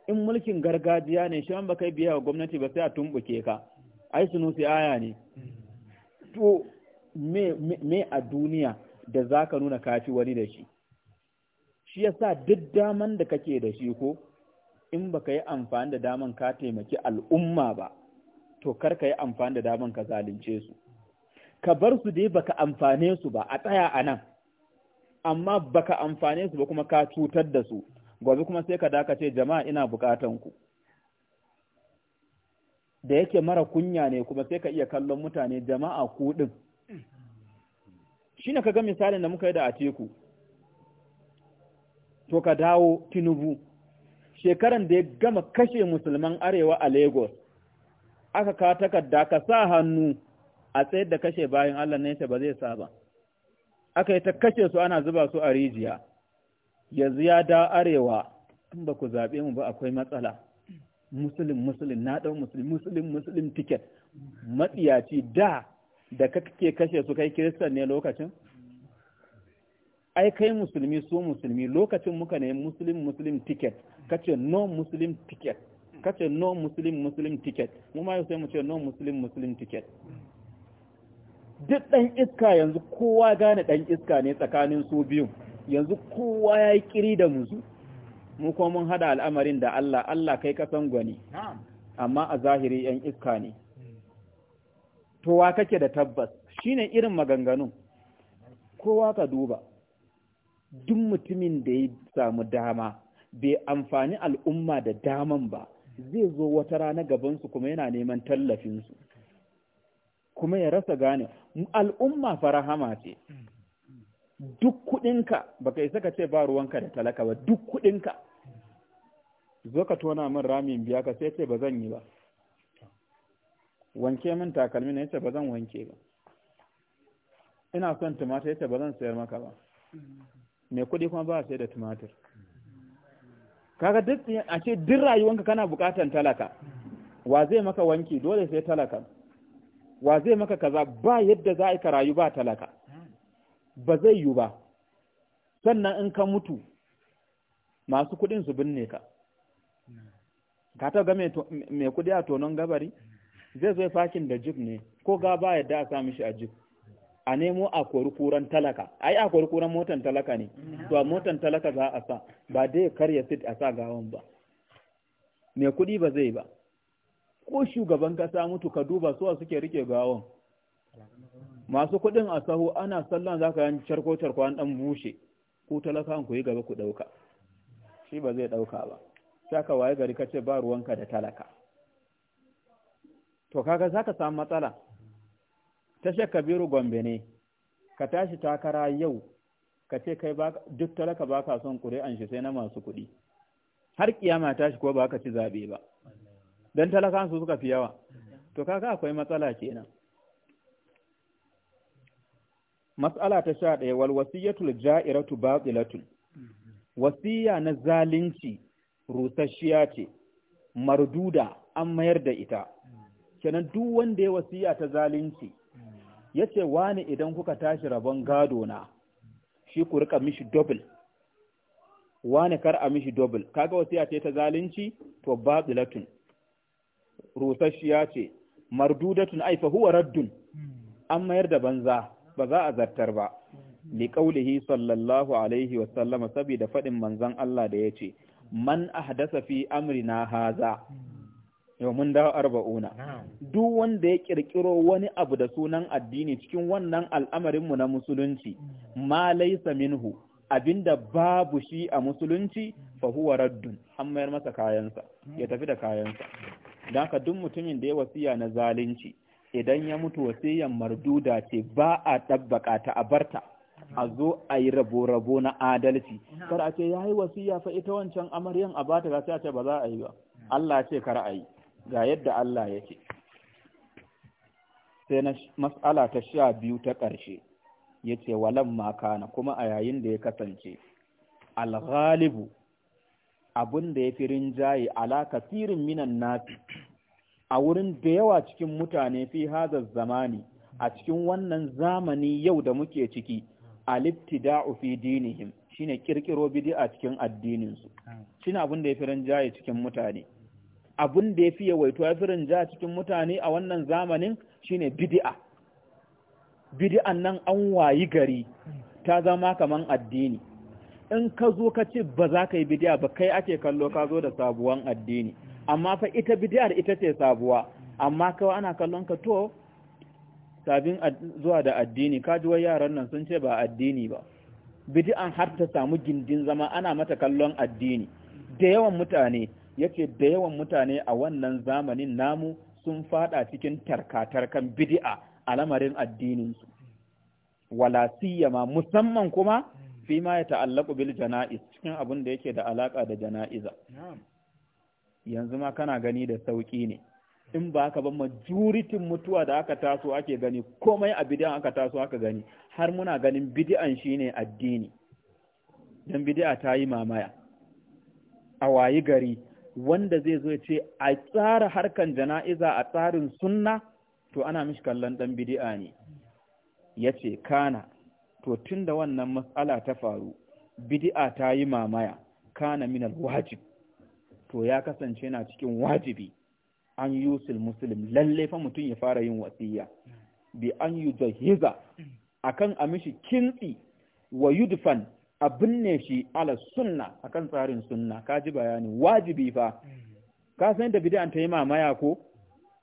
in mulkin gargajiya ne shi an ba kai biya wa gwamnati ba sai a tumbuke ka ai sai aya ne to me, a duniya da zaka nuna kafi wani da shi shi yasa duk daman da kake da shi ko in baka yi amfani da daman ka taimaki al'umma ba to kar ka yi amfani da daman ka zalunce su ka bar su dai baka amfane su ba a tsaya a nan amma baka amfane su ba kuma ka cutar da su gobe kuma sai ka dakace jama'a ina bukatan ku da yake mara kunya ne kuma sai ka iya kallon mutane jama'a ku din shine kaga misalin da muka yi da Atiku to ka dawo tinubu shekaran da ya gama kashe musulman arewa a lagos aka kawo takarda ka sa hannu a tsayar da kashe bayan allah na yace ba zai sa ba aka yi ta kashe su ana zuba su a rijiya yanzu ya da arewa in ba ku zaɓe mu ba akwai matsala musulun musulun na ɗau musulun musulun musulun tiket matsiyaci da da kake kashe su kai kiristan ne lokacin ai kai musulmi su musulmi lokacin muka ne muslim muslim ticket kace no muslim ticket kace no muslim muslim ticket mu ma sai mu ce no muslim muslim ticket duk dan iska yanzu kowa gane dan iska ne tsakanin su biyu yanzu kowa yayi kiri da muzu mu kuma mun hada al'amarin da Allah Allah kai ka san gwani amma a zahiri yan iska ne to wa kake da tabbas shine irin maganganun kowa ka duba duk mutumin da ya samu dama bai amfani al'umma da daman ba zai zo wata rana gabansu kuma yana neman tallafinsu kuma ya rasa gane al'umma farahama ce duk kudinka ka isa ka ce ba ruwanka da talaka ba duk kudinka zo ka tona min ramin biya ka sai ce ba zan yi ba wanke min takalmi na yace ba zan wanke ba ina son tumata yace ba zan sayar maka ba mai kuɗi kuma ba sai da tumatir kaga duk a ce duk rayuwanka kana bukatan talaka wa zai maka wanki dole sai talaka wa zai maka kaza ba yadda za a rayu ba talaka ba zai yi ba sannan in ka mutu masu kuɗin su binne ka ka ta ga mai kuɗi a tonon gabari zai zai fakin da jib ne ko ga ba yadda a sami shi a jib a nemo a kori kuran talaka ai a kori kuran motan talaka ne to a motan talaka za a sa ba dai karya sit a sa gawan ba mai kuɗi ba zai ba ko shugaban kasa mutu ka duba suwa suke rike gawan masu kuɗin a sahu ana sallan za ka yanci charko charko an ɗan bushe ko talaka ku yi gaba ku ɗauka shi ba zai ɗauka ba shaka waye gari ka ce ba ruwanka da talaka to kaga za ka samu matsala tasha kabiru gombe ne ka tashi takara yau ka ce kai duk talaka ba ka son ƙuri'an shi sai na masu kuɗi har kiyama tashi ko ba ka ci zaɓe ba don talakan su suka fi yawa to kaka akwai matsala kenan matsala ta sha ɗaya wal wasiyatul ja'iratu batilatun wasiya na zalunci rusasshiya ce marduda an mayar da ita kenan duk wanda ya wasiya ta zalunci ya ce wani idan kuka tashi rabon gado na shi ku rika mishi double wani kar a mishi double kaga wasiya ce ta zalunci to batilatun rusasshiya ce mardudatun ai fa huwa raddun an mayar da banza ba za a zartar ba li qaulihi sallallahu alaihi wa sallama sabida fadin manzon Allah da yace man ahdasa fi amrina haza yau mun dawo arba'una duk wanda ya kirkiro wani abu da sunan addini cikin wannan al'amarinmu na musulunci ma laisa minhu abinda babu shi a musulunci fa huwa raddun an mayar masa kayansa ya tafi da kayansa don ka duk mutumin da ya wasiya na zalunci idan ya mutu wasiyan marduda ce ba a tabbaka ta a barta a zo a yi rabo-rabo na adalci kar a ce ya yi wasiya fa ita wancan amaryan a bata a ce ba za a yi ba Allah ce kar a yi ga yadda Allah yake sai na mas'ala ta sha biyu ta ƙarshe ya ce walan makana kuma a yayin da ya kasance alghalibu abin da ya fi rinjaye ala kasirin minan nasi a wurin da yawa cikin mutane fi hazar zamani a cikin wannan zamani yau da muke ciki aliftida'u fi dinihim shine kirkiro bid'a cikin addininsu shine abin da ya fi rinjaye cikin mutane abin da ya fiye waito ya firin ja cikin mutane a wannan zamanin shine bid'a bid'an nan an wayi gari ta zama kaman addini in ka zo ka ce ba za ka yi bidi'a ba kai ake kallo ka zo da sabuwan addini amma fa ita bid'ar ita ce sabuwa amma kawai ana kallon ka to sabin zuwa da addini ka ji wai yaran nan sun ce ba addini ba bid'an har ta samu gindin zama ana mata kallon addini da yawan mutane Yake da yawan mutane a wannan zamanin namu sun fada cikin tarkatarkan bid'a a lamarin addininsu wala siyama musamman kuma fi ma ya ta'allaku bil jana'iz cikin abin da yake da alaka da jana'iza yanzu ma kana gani da sauki ne in ba ka ba majoritin mutuwa da aka taso ake gani komai a bidi'a aka taso aka gani har muna ganin bid'an shine addini dan bid'a ta yi mamaya a wayi gari wanda zai zo ce a tsara harkan jana'iza a tsarin sunna to ana mishi kallon dan bid'a ne yace kana to tunda wannan matsala ta faru bid'a ta yi mamaya kana minal wajib to ya kasance na cikin wajibi an yusul muslim lalle fa mutum ya fara yin wasiya bi an yujahiza akan a mishi kintsi wa yudfan a binne shi ala sunna akan tsarin sunna ka ji bayani wajibi fa ka san da bid'an ta yi mamaya ko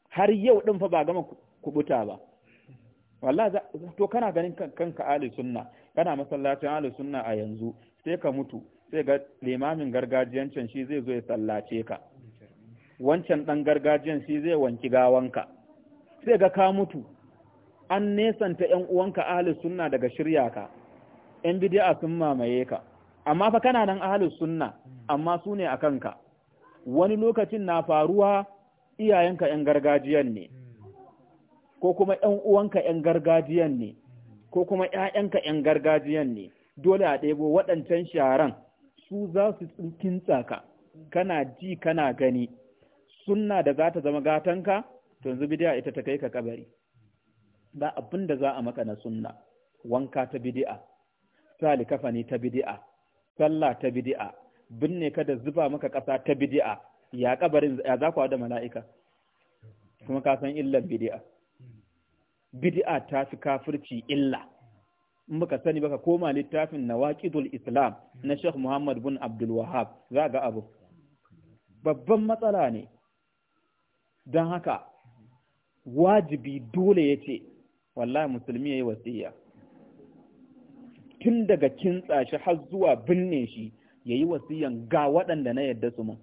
har yau din fa ba gama kubuta ba wallahi to kana ganin kanka ala sunna kana masallacin ala sunna a yanzu sai ka mutu sai ga limamin gargajiyancin shi zai zo ya sallace ka wancan dan gargajiyan shi zai wanki gawanka sai ga ka mutu an nesanta ƴan uwanka ahli sunna daga shirya ka ‘yan bidi'a sun mamaye ka, amma fa kana nan ahalus sunna, amma su ne a kanka, wani lokacin na faruwa iyayenka ‘yan gargajiyan ne, ko kuma ‘yan uwanka ‘yan gargajiyan ne, ko kuma ‘ya'yanka ‘yan gargajiyan ne, dole a ɗebo waɗancan sharan su za su kintsa ka, kana ji kana gani, sunna da za ta zama gatanka, to yanzu ita ta kai ka kabari. Ba abin za a maka na sunna, wanka ta bidi'a. Sali kafani ta bidi'a, sallah ta bidi'a, binne kada zuba maka ƙasa ta bidi'a. ya kabarin ya za ku da mala'ika kuma ka san illar bidi'a? Bidi'a ta fi kafirci illa in baka sani baka koma littafin nawaqidul islam na Sheikh Muhammad bin Abdul Wahhab za ga abu babban matsala ne don haka wajibi dole yace wallahi musulmi yayi wasiya tun daga kintsa shi har zuwa binne shi ya yi wasiyan ga waɗanda na yadda su mun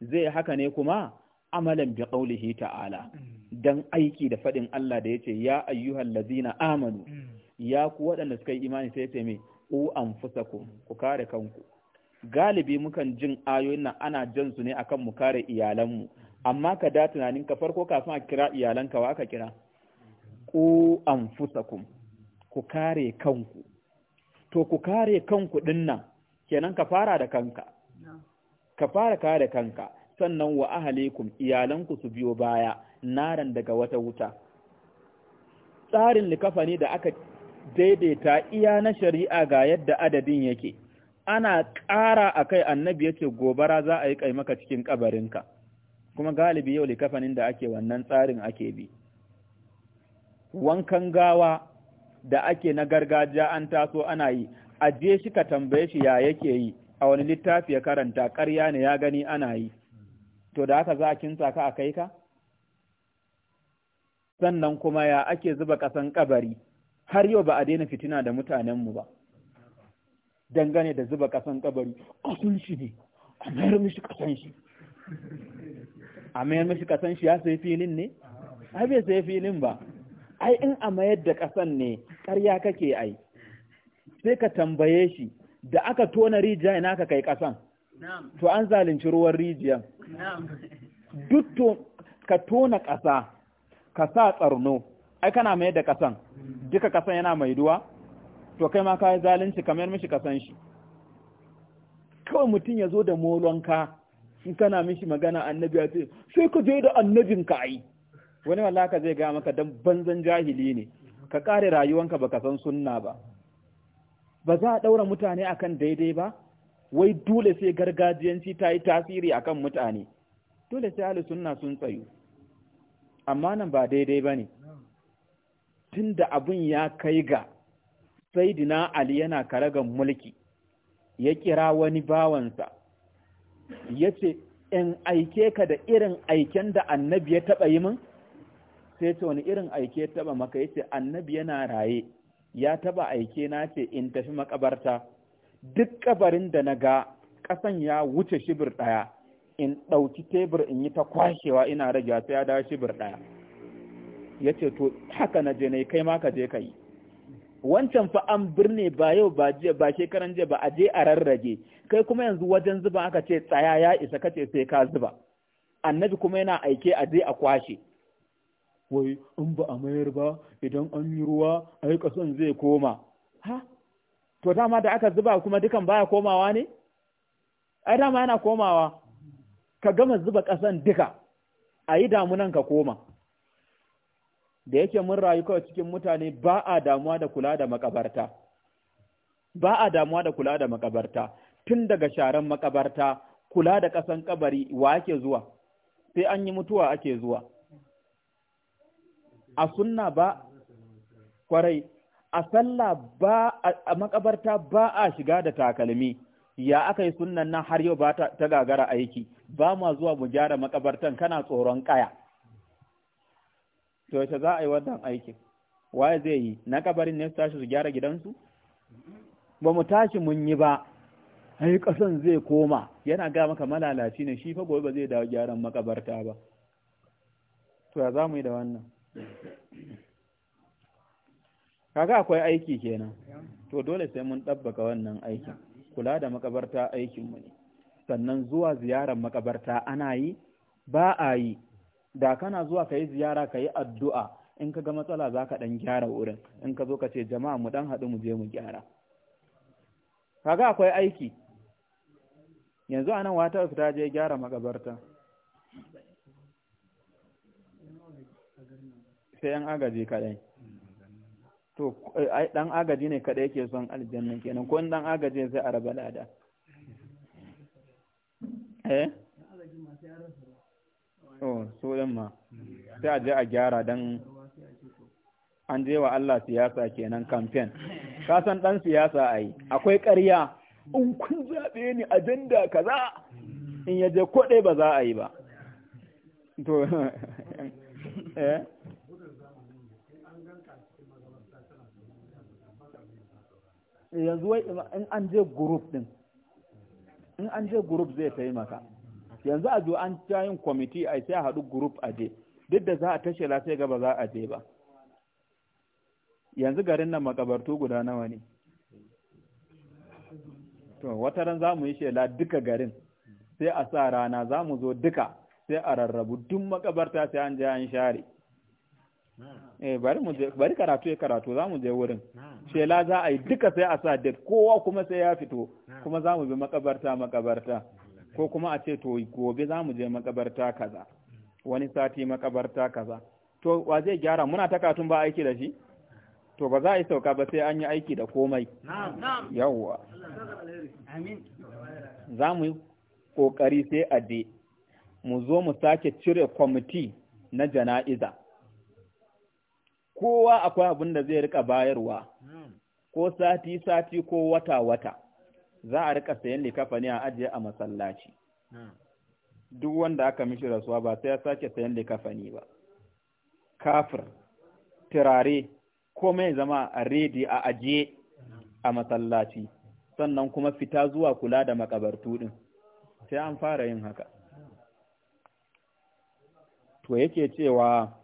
zai haka ne kuma amalan bi qaulihi ta'ala mm. dan aiki da faɗin Allah da ya ce ya ayyuhal ladina amanu mm. ya ku waɗanda suka yi imani sai yace me u ku kare kanku galibi mukan jin ayoyin nan ana jan su ne akan mu kare mu, amma ka da tunanin ka farko kafin a kira iyalanka wa aka kira ku anfusakum ku kare kanku to ku kare kanku nan kenan ka fara da kanka ka fara kare kanka sannan wa ahalikum iyalanku su biyo baya naran daga wata wuta tsarin likafani da aka daidaita iya na shari'a ga yadda adadin yake ana ƙara a kai annabi ya ce gobara za a yi ƙaimaka cikin ƙabarinka kuma galibi yau likafanin da ake wannan tsarin ake bi wankan gawa da ake na gargajiya an taso ana yi aje shi ka tambaye shi ya yake yi a wani littafi ya karanta ƙarya ne ya gani ana yi to da haka za a kinsa ka a kai ka sannan kuma ya ake zuba ƙasan kabari har yau ba a daina fitina da mutanenmu ba dangane da zuba ƙasan kabari ƙasun shi ne a mayar mishi ƙasan shi a mayar mishi ƙasan shi ya sai filin ne? A bai sai filin ba ai in a mayar da ƙasan ne ƙarya kake ai sai ka tambaye shi da aka tona rijiya ina ka kai ƙasan to an zalunci ruwan rijiyan duk to ka tona ƙasa ka sa tsarno ai kana mayar da ƙasan duka ƙasan yana mai duwa? to kai ma ka zalunci kamar mishi ƙasan shi kawai mutum ya zo da molonka in kana mishi magana annabi ya ce sai ka je da annabinka ai wani wallaka zai gaya maka dan banzan jahili ne ka kare rayuwanka baka san sunna ba ba za a daura mutane akan daidai ba wai dole sai gargajiyanci ta yi tasiri akan mutane dole sai ahli sunna sun tsayu amma nan ba daidai bane tunda abun ya kai ga saidina ali yana karagan mulki ya kira wani bawansa ya ce in aike ka da irin aiken da annabi ya taɓa yi min sai ce wani irin aike taba maka yace annabi yana raye ya taba aike na ce in tafi makabarta duk kabarin da na ga kasan ya wuce shibir daya in ɗauki tebur in yi ta kwashewa ina rage sai ya dawo shibir daya yace to haka na je ne kai ma ka je ka wancan fa an birne ba yau ba jiya ba shekaran jiya ba a je a rarrage kai kuma yanzu wajen zuba aka ce tsaya ya isa kace sai ka zuba annabi kuma yana aike a je a kwashe wai in ba a mayar ba idan an yi ruwa ai kasan zai koma ha to dama da aka zuba kuma dukan baya komawa ne ai dama yana komawa ka gama zuba kasan duka a yi damunan ka koma da yake mun rayu kawai cikin mutane ba a damuwa da kula da makabarta ba a damuwa da kula da makabarta tun daga sharan makabarta kula da kasan kabari wa ake zuwa sai an yi mutuwa ake zuwa a sunna ba kwarai a sallah ba a makabarta ba a shiga da takalmi ya aka yi sunnan nan har yau ba ta gagara aiki ba ma zuwa mu gyara makabartan kana tsoron kaya to yaushe za a yi wannan aikin waye zai yi na kabarin ne su tashi su gyara gidansu ba mu tashi mun yi ba ai kasan zai koma yana ga maka malalaci ne shi fa gobe ba zai dawo gyaran makabarta ba to ya za mu yi da wannan kaga akwai aiki kenan to dole sai mun ɗabbaka wannan aikin kula da makabarta aikinmu ne sannan zuwa ziyarar makabarta ana yi ba a yi da kana zuwa ka yi ziyara ka yi addu'a in ka ga matsala za ka ɗan gyara wurin in ka zo ka ce jama'a mu ɗan haɗu mu je mu gyara kaga akwai aiki yanzu anan wata ta je gyara makabarta sai yan agaji kaɗai, to ɗan agaji ne kaɗai yake son aljanna kenan ko ɗan agaji sai a raba lada eh oh so ɗin ma sai a je a gyara don an je wa Allah siyasa kenan kamfen ka san ɗan siyasa yi, akwai ƙarya in kun zaɓe ni ajanda kaza in yaje kodai ba za a yi ba to eh yanzu wai in an je group din in an je group zai taimaka yanzu a zo an yin kwamiti a sai a haɗu group a je duk da za a tashe lafiya gaba za a je ba yanzu garin nan makabartu guda nawa ne to wata ran za mu yi shela duka garin sai a sa rana za mu zo duka sai a rarrabu duk makabarta sai an je an share Eh, bari mu bari karatu ya karatu za mu je wurin shela za a yi duka sai a sa da kowa kuma sai ya fito kuma za mu bi makabarta makabarta ko kuma a ce to gobe za mu je makabarta kaza wani sati makabarta kaza to wa zai gyara muna ta katun ba aiki da shi to ba za a yi sauka ba sai an yi aiki da komai yawwa za mu yi kokari sai a de mu zo mu sake cire kwamiti na jana'iza kowa akwai abin da zai rika bayarwa hmm. ko sati sati ko wata wata za a rika sayan likafani a ajiye a masallaci hmm. duk wanda aka mishi rasuwa ba sai ya sake sayan likafani ba kafir turare ko mai zama a redi a ajiye a masallaci sannan kuma fita zuwa kula da makabartu din sai an fara yin haka hmm. to yake cewa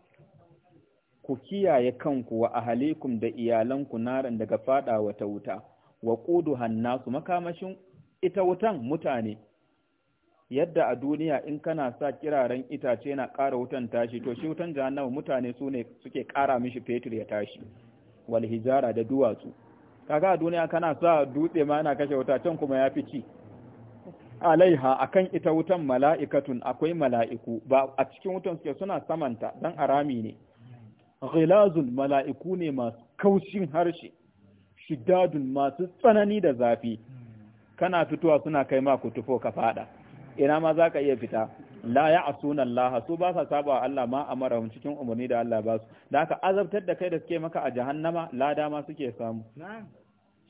ku kiyaye kanku wa ahalikum da iyalanku naran daga fada wata wuta wa qudu hannasu makamashin ita wutan mutane yadda a duniya in kana sa kiraren itace na ƙara wutan tashi to shi wutan jahannama mutane su ne suke ƙara mishi fetur ya tashi wal hijara da duwatsu kaga a duniya kana sa dutse ma yana kashe wuta can kuma ya fi ci alaiha akan ita wutan mala'ikatun akwai mala'iku ba a cikin wutan suke suna samanta dan arami ne ghilazul mala'iku ne masu kaushin harshe shidadun masu tsanani da zafi kana fitowa suna kai ma tufo ka fada ina ma zaka iya fita la ya'suna Allah su ba sa saba Allah ma amarahum cikin umarni da Allah ba su da aka azabtar da kai da suke maka a jahannama lada ma suke samu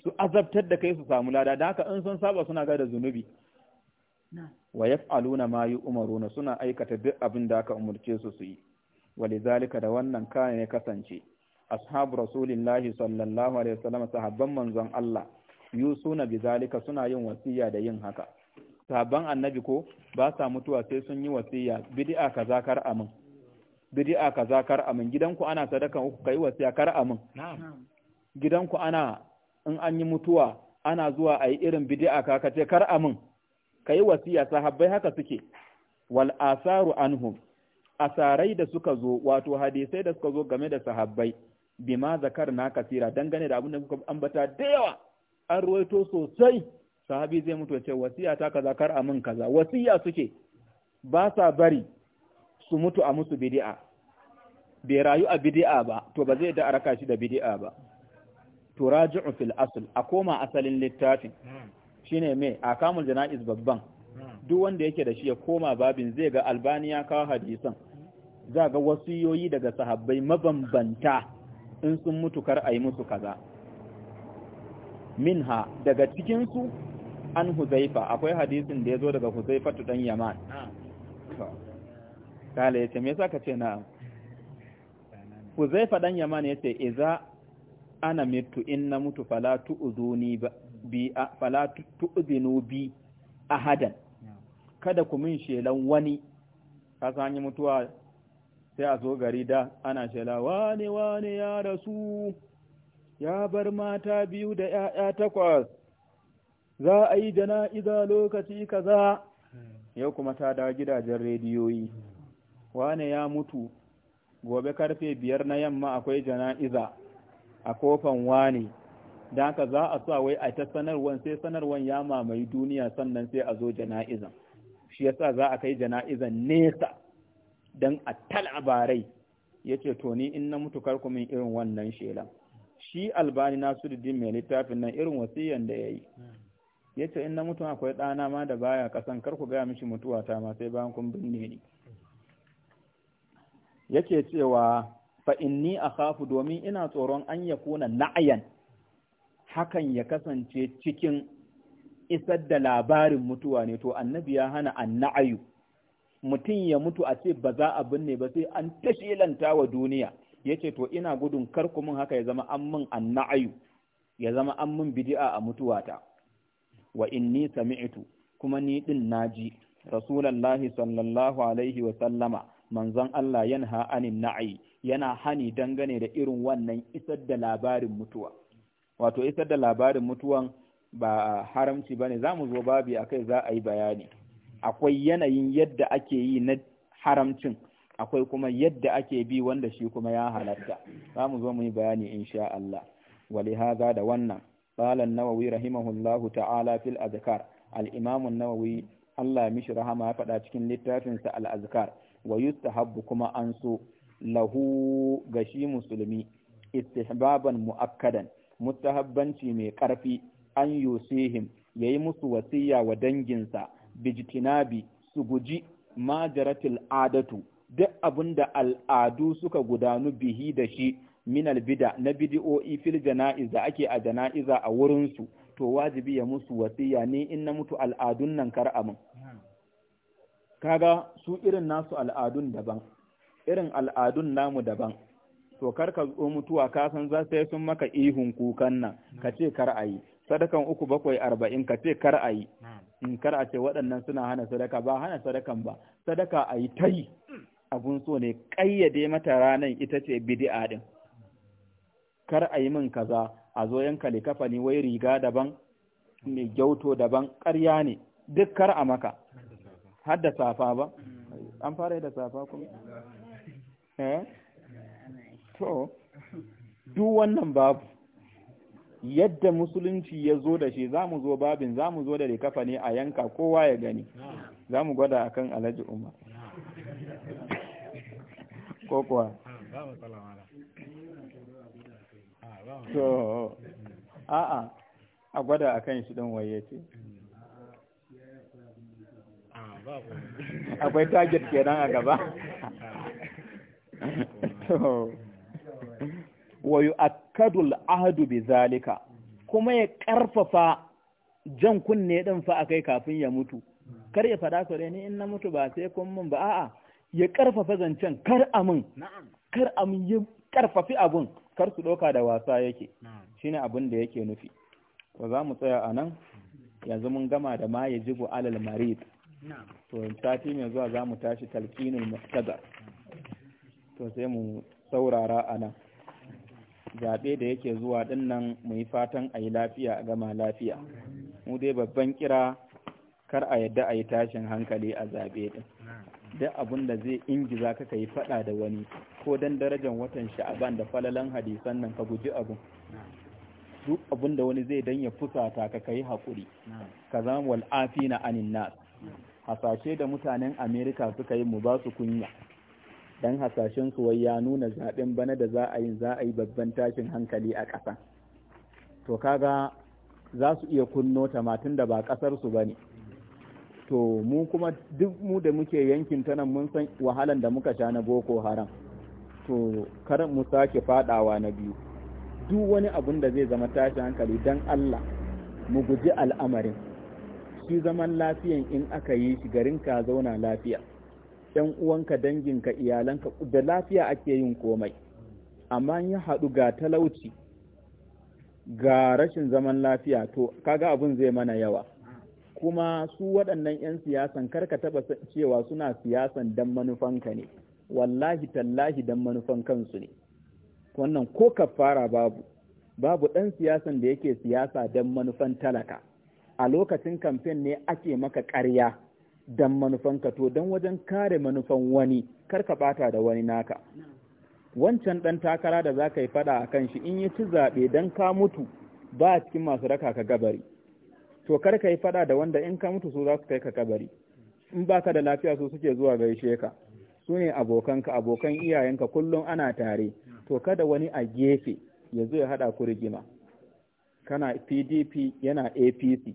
su azabtar da kai su samu lada da aka in sun saba suna gada zunubi wa yaf'aluna ma yu'maruna suna aikata duk abin da aka umurce su su yi walizalika da wannan kana ne kasance ashabu rasulillahi sallallahu alaihi wasallam sahabban manzon Allah yusuna bizalika suna yin wasiya da yin haka sahabban annabi ko ba sa mutuwa sai sun yi wasiya bid'a kaza kar amin bid'a kaza kar amin gidanku ana sadaka uku kai wasiya kar amin na'am gidanku ana in an yi mutuwa ana zuwa a yi irin bid'a kaka ce kar amin kai wasiya sahabbai haka suke wal asaru anhum asarai da suka zo wato hadisai da suka zo game da sahabbai bima zakar na kasira dangane da abin da muka ambata da yawa an ruwaito sosai sahabi zai mutu ce wasiya ta kaza kar a min kaza wasiya suke ba sa bari su mutu a musu bid'a bai rayu a bid'a ba to ba zai da araka shi da bid'a ba to raji'u fil asl a koma asalin littafin hmm. shine me akamul janaiz babban duk wanda yake da shi ya koma babin zai ga albaniya kawo hadisan za ga wasu yoyi daga sahabbai mabambanta in sun mutu kar a yi musu kaza minha daga cikinsu an huzaifa akwai hadisin da ya zo daga huzaifa dan yaman kala ya ce mai sa ka ce na huzaifa dan yaman ya ce iza ana mitu in na mutu falatu bi ahadan kada ku min shelan wani ka san yi mutuwa sai a zo gari da ana shela wane wane ya rasu ya bar mata biyu da ‘ya'ya takwas, za a yi jana'iza lokaci kaza, yau kuma ta da gidajen rediyoyi, wane ya mutu, gobe karfe biyar na yamma akwai jana'iza a kofan wane, don ka za a sa wai a ta sanarwan sai sanarwan ya mamaye duniya sannan sai a zo jana'izan. shi yasa za a kai jana'izan nesa don a talabarai ya ce to ni in na mutu karku min irin wannan shela shi albani nasiruddin mai littafin nan irin wasiyan da ya yi ya ce in na mutu akwai ɗana ma da baya ƙasan karku gaya mishi mutuwa ta ma sai bayan kun binne ni yake cewa fa inni akhafu domin ina tsoron an yakuna na'ayan hakan ya kasance cikin isar da labarin mutuwa ne to annabi ya hana anna'ayu mutum ya mutu a ce ba za a binne ba sai an tashilanta wa duniya yace to ina gudun kar ku mun haka ya zama an mun anna'ayu ya zama an mun bid'a a mutuwata wa inni sami'tu kuma ni din naji rasulullahi sallallahu alaihi wa sallama manzon Allah yanha anin na'i yana hani dangane da irin wannan isar da labarin mutuwa wato isar da labarin mutuwan ba haramci bane za mu zo babi akai za a yi bayani akwai yanayin yadda ake yi na haramcin akwai kuma yadda ake bi wanda shi kuma ya halarta. za mu zo mu yi bayani insha Allah wali haza da wannan qala an-nawawi rahimahullahu ta'ala fil azkar al-imam an-nawawi Allah mishi rahama ya faɗa cikin littafin sa al-azkar wa yustahabbu kuma an so lahu gashi musulmi istihbaban muakkadan mustahabbanci mai karfi an yusihim ya yi musu wasiya wa danginsa bijtinabi su guji majaratil adatu duk abin da al'adu suka gudanu bihi da shi minal bida na bidi'o'i fil jana'iza ake a jana'iza a wurinsu to wajibi ya musu wasiya ne in na mutu al'adun nan kar amin kaga su irin nasu al'adun daban irin al'adun namu daban to kar ka zo mutuwa ka san za sai sun maka ihun kukan nan ka ce kar a yi sadakan uku bakwai arba'in ka ce kar a yi hmm. in kar a ce waɗannan suna hana sadaka ba hana sadakan ba sadaka a yi ta yi abun so ne ƙayyade mata ranar ita ce bidi'a din kar a yi min kaza a zo yanka likafani wai riga daban mai gyauto daban ƙarya ne duk kar a maka har da safa ba an fara da safa kuma eh to duk wannan babu yadda musulunci ya zo da shi za mu zo babin za mu zo da rikafa ne a yanka kowa ya gani za mu gwada a kan alhaji umar ko kuwa a'a a gwada a kan shi ɗin waye ce akwai target kenan a gaba wa yu'akkadul ahdu bi zalika kuma ya karfafa jan kunne din fa akai kafin ya mutu kar ya fada sore ni in na mutu ba sai kun mun ba a'a ya karfafa zancen kar amin kar amin ya karfafi abun kar su doka da wasa yake shine abin da yake nufi to za mu tsaya anan yanzu mun gama da ma yajibu alal marid to sati mai zuwa za mu tashi talqinul muhtadar to sai mu saurara a nan. zaɓe da yake zuwa ɗin nan mu yi fatan a yi lafiya a gama lafiya mu dai babban kira kar a yadda a yi tashin hankali a zaɓe ɗin duk abin da zai ingiza ka ka yi faɗa da wani ko don darajar watan sha'aban da falalan hadisan nan ka guji abin duk abin da wani zai dan ya fusata ka kai haƙuri ka zama wal'afi na anin nas hasashe da mutanen amerika suka yi mu ba su kunya dan hasashen su wai ya nuna zaɓen bana da za a yi za a yi babban tashin hankali a ƙasa to kaga za su iya kunno tamatin da ba ƙasar su bane to mu kuma duk mu da muke yankin ta nan mun san wahalan da muka sha na boko haram to karan mu sake fadawa na biyu duk wani abun da zai zama tashin hankali dan Allah mu guji al'amarin shi zaman lafiyan in aka yi shi garin ka zauna lafiya ‘yan uwanka danginka iyalanka da lafiya ake yin komai amma ya haɗu ga talauci ga rashin zaman lafiya to kaga abin zai mana yawa kuma su waɗannan 'yan siyasan karka taɓa cewa suna siyasan dan manufanka ne wallahi tallahi dan manufan kansu ne wannan ko ka fara babu babu ɗan siyasan da yake siyasa dan manufan talaka a lokacin kamfen ne ake maka ƙarya dan manufanka to dan wajen kare manufan wani kar ka bata da wani naka wancan dan takara da za ka yi fada a kan shi in yi ci zaɓe dan ka mutu ba cikin masu raka ka gabari to kar ka yi fada da wanda in ka mutu so za su kai ka gabari in baka da lafiya su suke zuwa gaishe ka su ne abokanka abokan iyayenka kullum ana tare to kada wani a gefe ya zo ya haɗa ku rigima kana pdp yana apc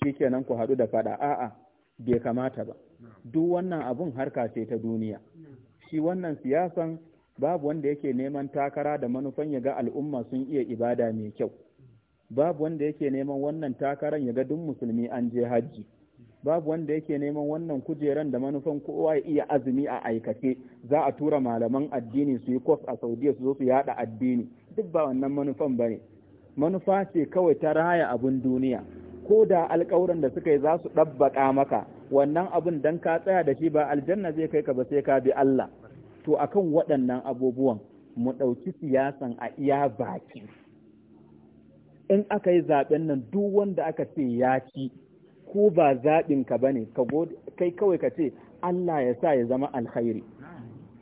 shikenan ku haɗu da fada a'a bai kamata ba duk wannan abun harka ce ta duniya shi wannan siyasan babu wanda yake neman takara da manufan ya ga al'umma sun iya ibada mai kyau babu wanda yake neman wannan takaran ya ga duk musulmi an je hajji babu wanda yake neman wannan kujeran da manufan kowa ya iya azumi a aikace za a tura malaman addini su yi kwas a saudiya su zo su yada addini duk ba wannan manufan bane manufa ce kawai ta raya abun duniya ko da alƙawuran da suka yi za su ɗabbaƙa maka wannan abin don ka tsaya da shi ba aljanna zai kai ka ba sai ka bi Allah to akan waɗannan abubuwan mu ɗauki siyasan a iya baki in aka yi zaɓen nan duk wanda aka ce ya ci ko ba zaɓin ka ba ne kai kawai ka ce Allah ya sa ya zama alkhairi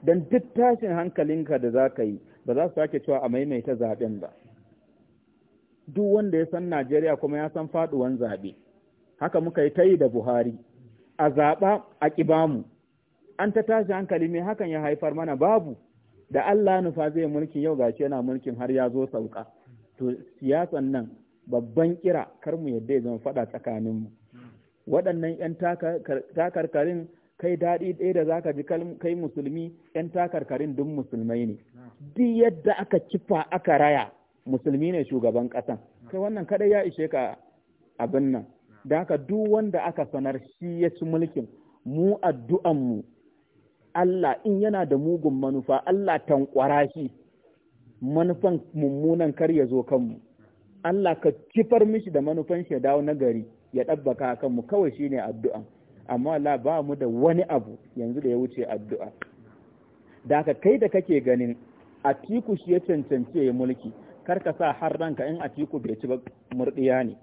don duk tashin hankalinka da za ka yi ba za su sake cewa a maimaita zaɓen ba duk wanda ya san Najeriya kuma ya san faduwan zaɓe haka muka yi ta yi da Buhari a zaɓa a ƙibamu an ta tashi hankali me hakan ya haifar mana babu da Allah nufa zai mulkin yau gashi yana mulkin har ya zo sauka to siyasan nan babban kira kar mu yadda ya zama faɗa tsakanin mu. waɗannan 'yan takarkarin kai daɗi ɗaya da zaka ji kai musulmi 'yan takarkarin duk musulmai ne duk yadda aka kifa aka raya musulmi ne shugaban ƙasan kai wannan kaɗai ya ishe ka abin nan da haka duk wanda aka sanar shi ya ci mulkin mu addu'anmu Allah in yana da mugun manufa Allah tankwara shi manufan mummunan kar ya zo kanmu Allah ka kifar mishi da manufan shi dawo na gari ya ɗabbaka kanmu kawai shi ne addu'an amma Allah ba mu da wani abu yanzu da ya wuce addu'a da haka kai da kake ganin a Atiku shi ya cancanci ya mulki kar ka sa har ranka in Atiku bai ci ba murdiya ne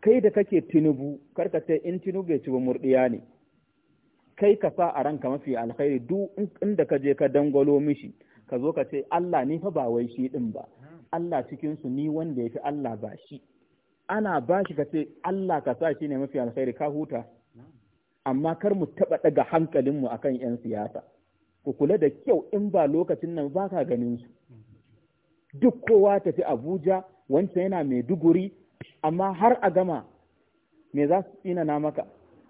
kai da kake Tinubu kar ka ce in Tinubu bai ci ba murdiya ne kai ka sa a ranka mafi alkhairi duk inda ka je ka dangwalo mishi ka zo ka ce Allah ni fa ba wai shi din ba Allah cikin su ni wanda yafi Allah ba shi ana ba shi ka ce Allah ka sa shi ne mafi alkhairi ka huta amma kar mu taba daga hankalinmu akan yan siyasa ku kula da kyau in ba lokacin nan ba ka ganin su duk kowa tafi Abuja wancan yana Maiduguri amma har a gama me za su tsinana maka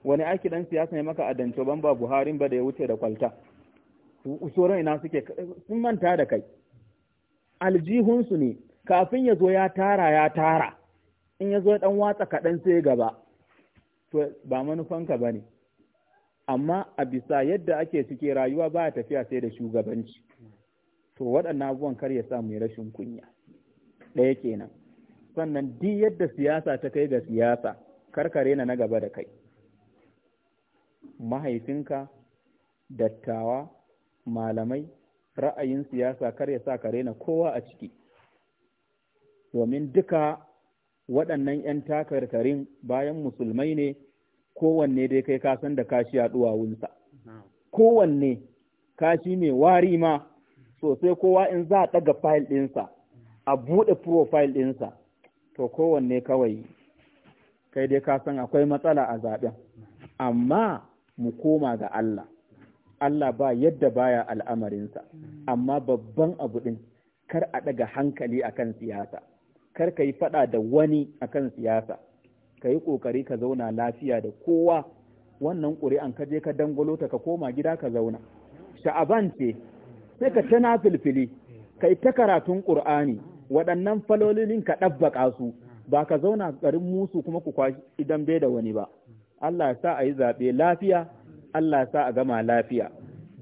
wani aiki dan siyasa ne maka a dancoban ba Buhari ba da ya wuce da kwalta usoran ina suke sun manta da kai aljihunsu ne kafin ya zo ya tara ya tara in ya zo ya dan watsa kaɗan sai gaba to ba manufanka ba ne amma a bisa yadda ake cike rayuwa ba tafiya sai da shugabanci to waɗannan abubuwan kar ya samu ya rashin kunya ɗaya kenan sannan duk yadda siyasa ta kai ga siyasa kar ka na na gaba da kai mahaifinka dattawa malamai ra'ayin siyasa kar ya sa ka rena kowa a ciki domin duka waɗannan 'yan takarkarin bayan musulmai ne kowanne dai kai kasan da kashi a duwawunsa kowanne kashi mai wari ma so sai kowa in za a ɗaga fayil ɗinsa a buɗe profile ɗinsa to kowanne kawai kai dai ka san akwai matsala a zaɓen amma mu koma ga Allah Allah ba yadda baya al'amarinsa amma babban abu ɗin kar a ɗaga hankali akan siyasa kar ka yi faɗa da wani akan siyasa ka yi ƙoƙari ka zauna lafiya da kowa wannan ƙuri'an ka je ka dangwalo ta ka koma gida ka zauna sha'aban ce sai ka tana filfili kai ta karatun ƙur'ani waɗannan falolin ka ɗabbaƙa su ba ka zauna garin musu kuma ku kwashi idan bai da wani ba Allah sa a yi zaɓe lafiya Allah sa a gama lafiya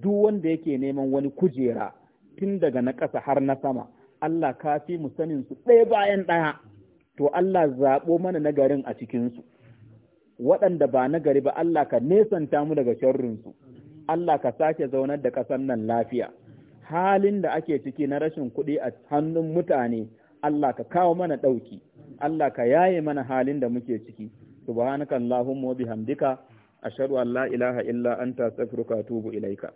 duk wanda yake neman wani kujera tun daga na ƙasa har na sama Allah ka fi mu sanin su ɗaya bayan ɗaya to Allah zaɓo mana na garin a cikin su waɗanda ba na gari ba Allah ka nesanta mu daga sharrin su Allah ka sake zaunar da ƙasar nan lafiya halin da ake ciki na rashin kuɗi a hannun mutane Allah ka kawo mana ɗauki Allah ka yaye mana halin da muke ciki subhanakallahumma wa bihamdika ashhadu an la ilaha illa anta astaghfiruka wa atubu ilaika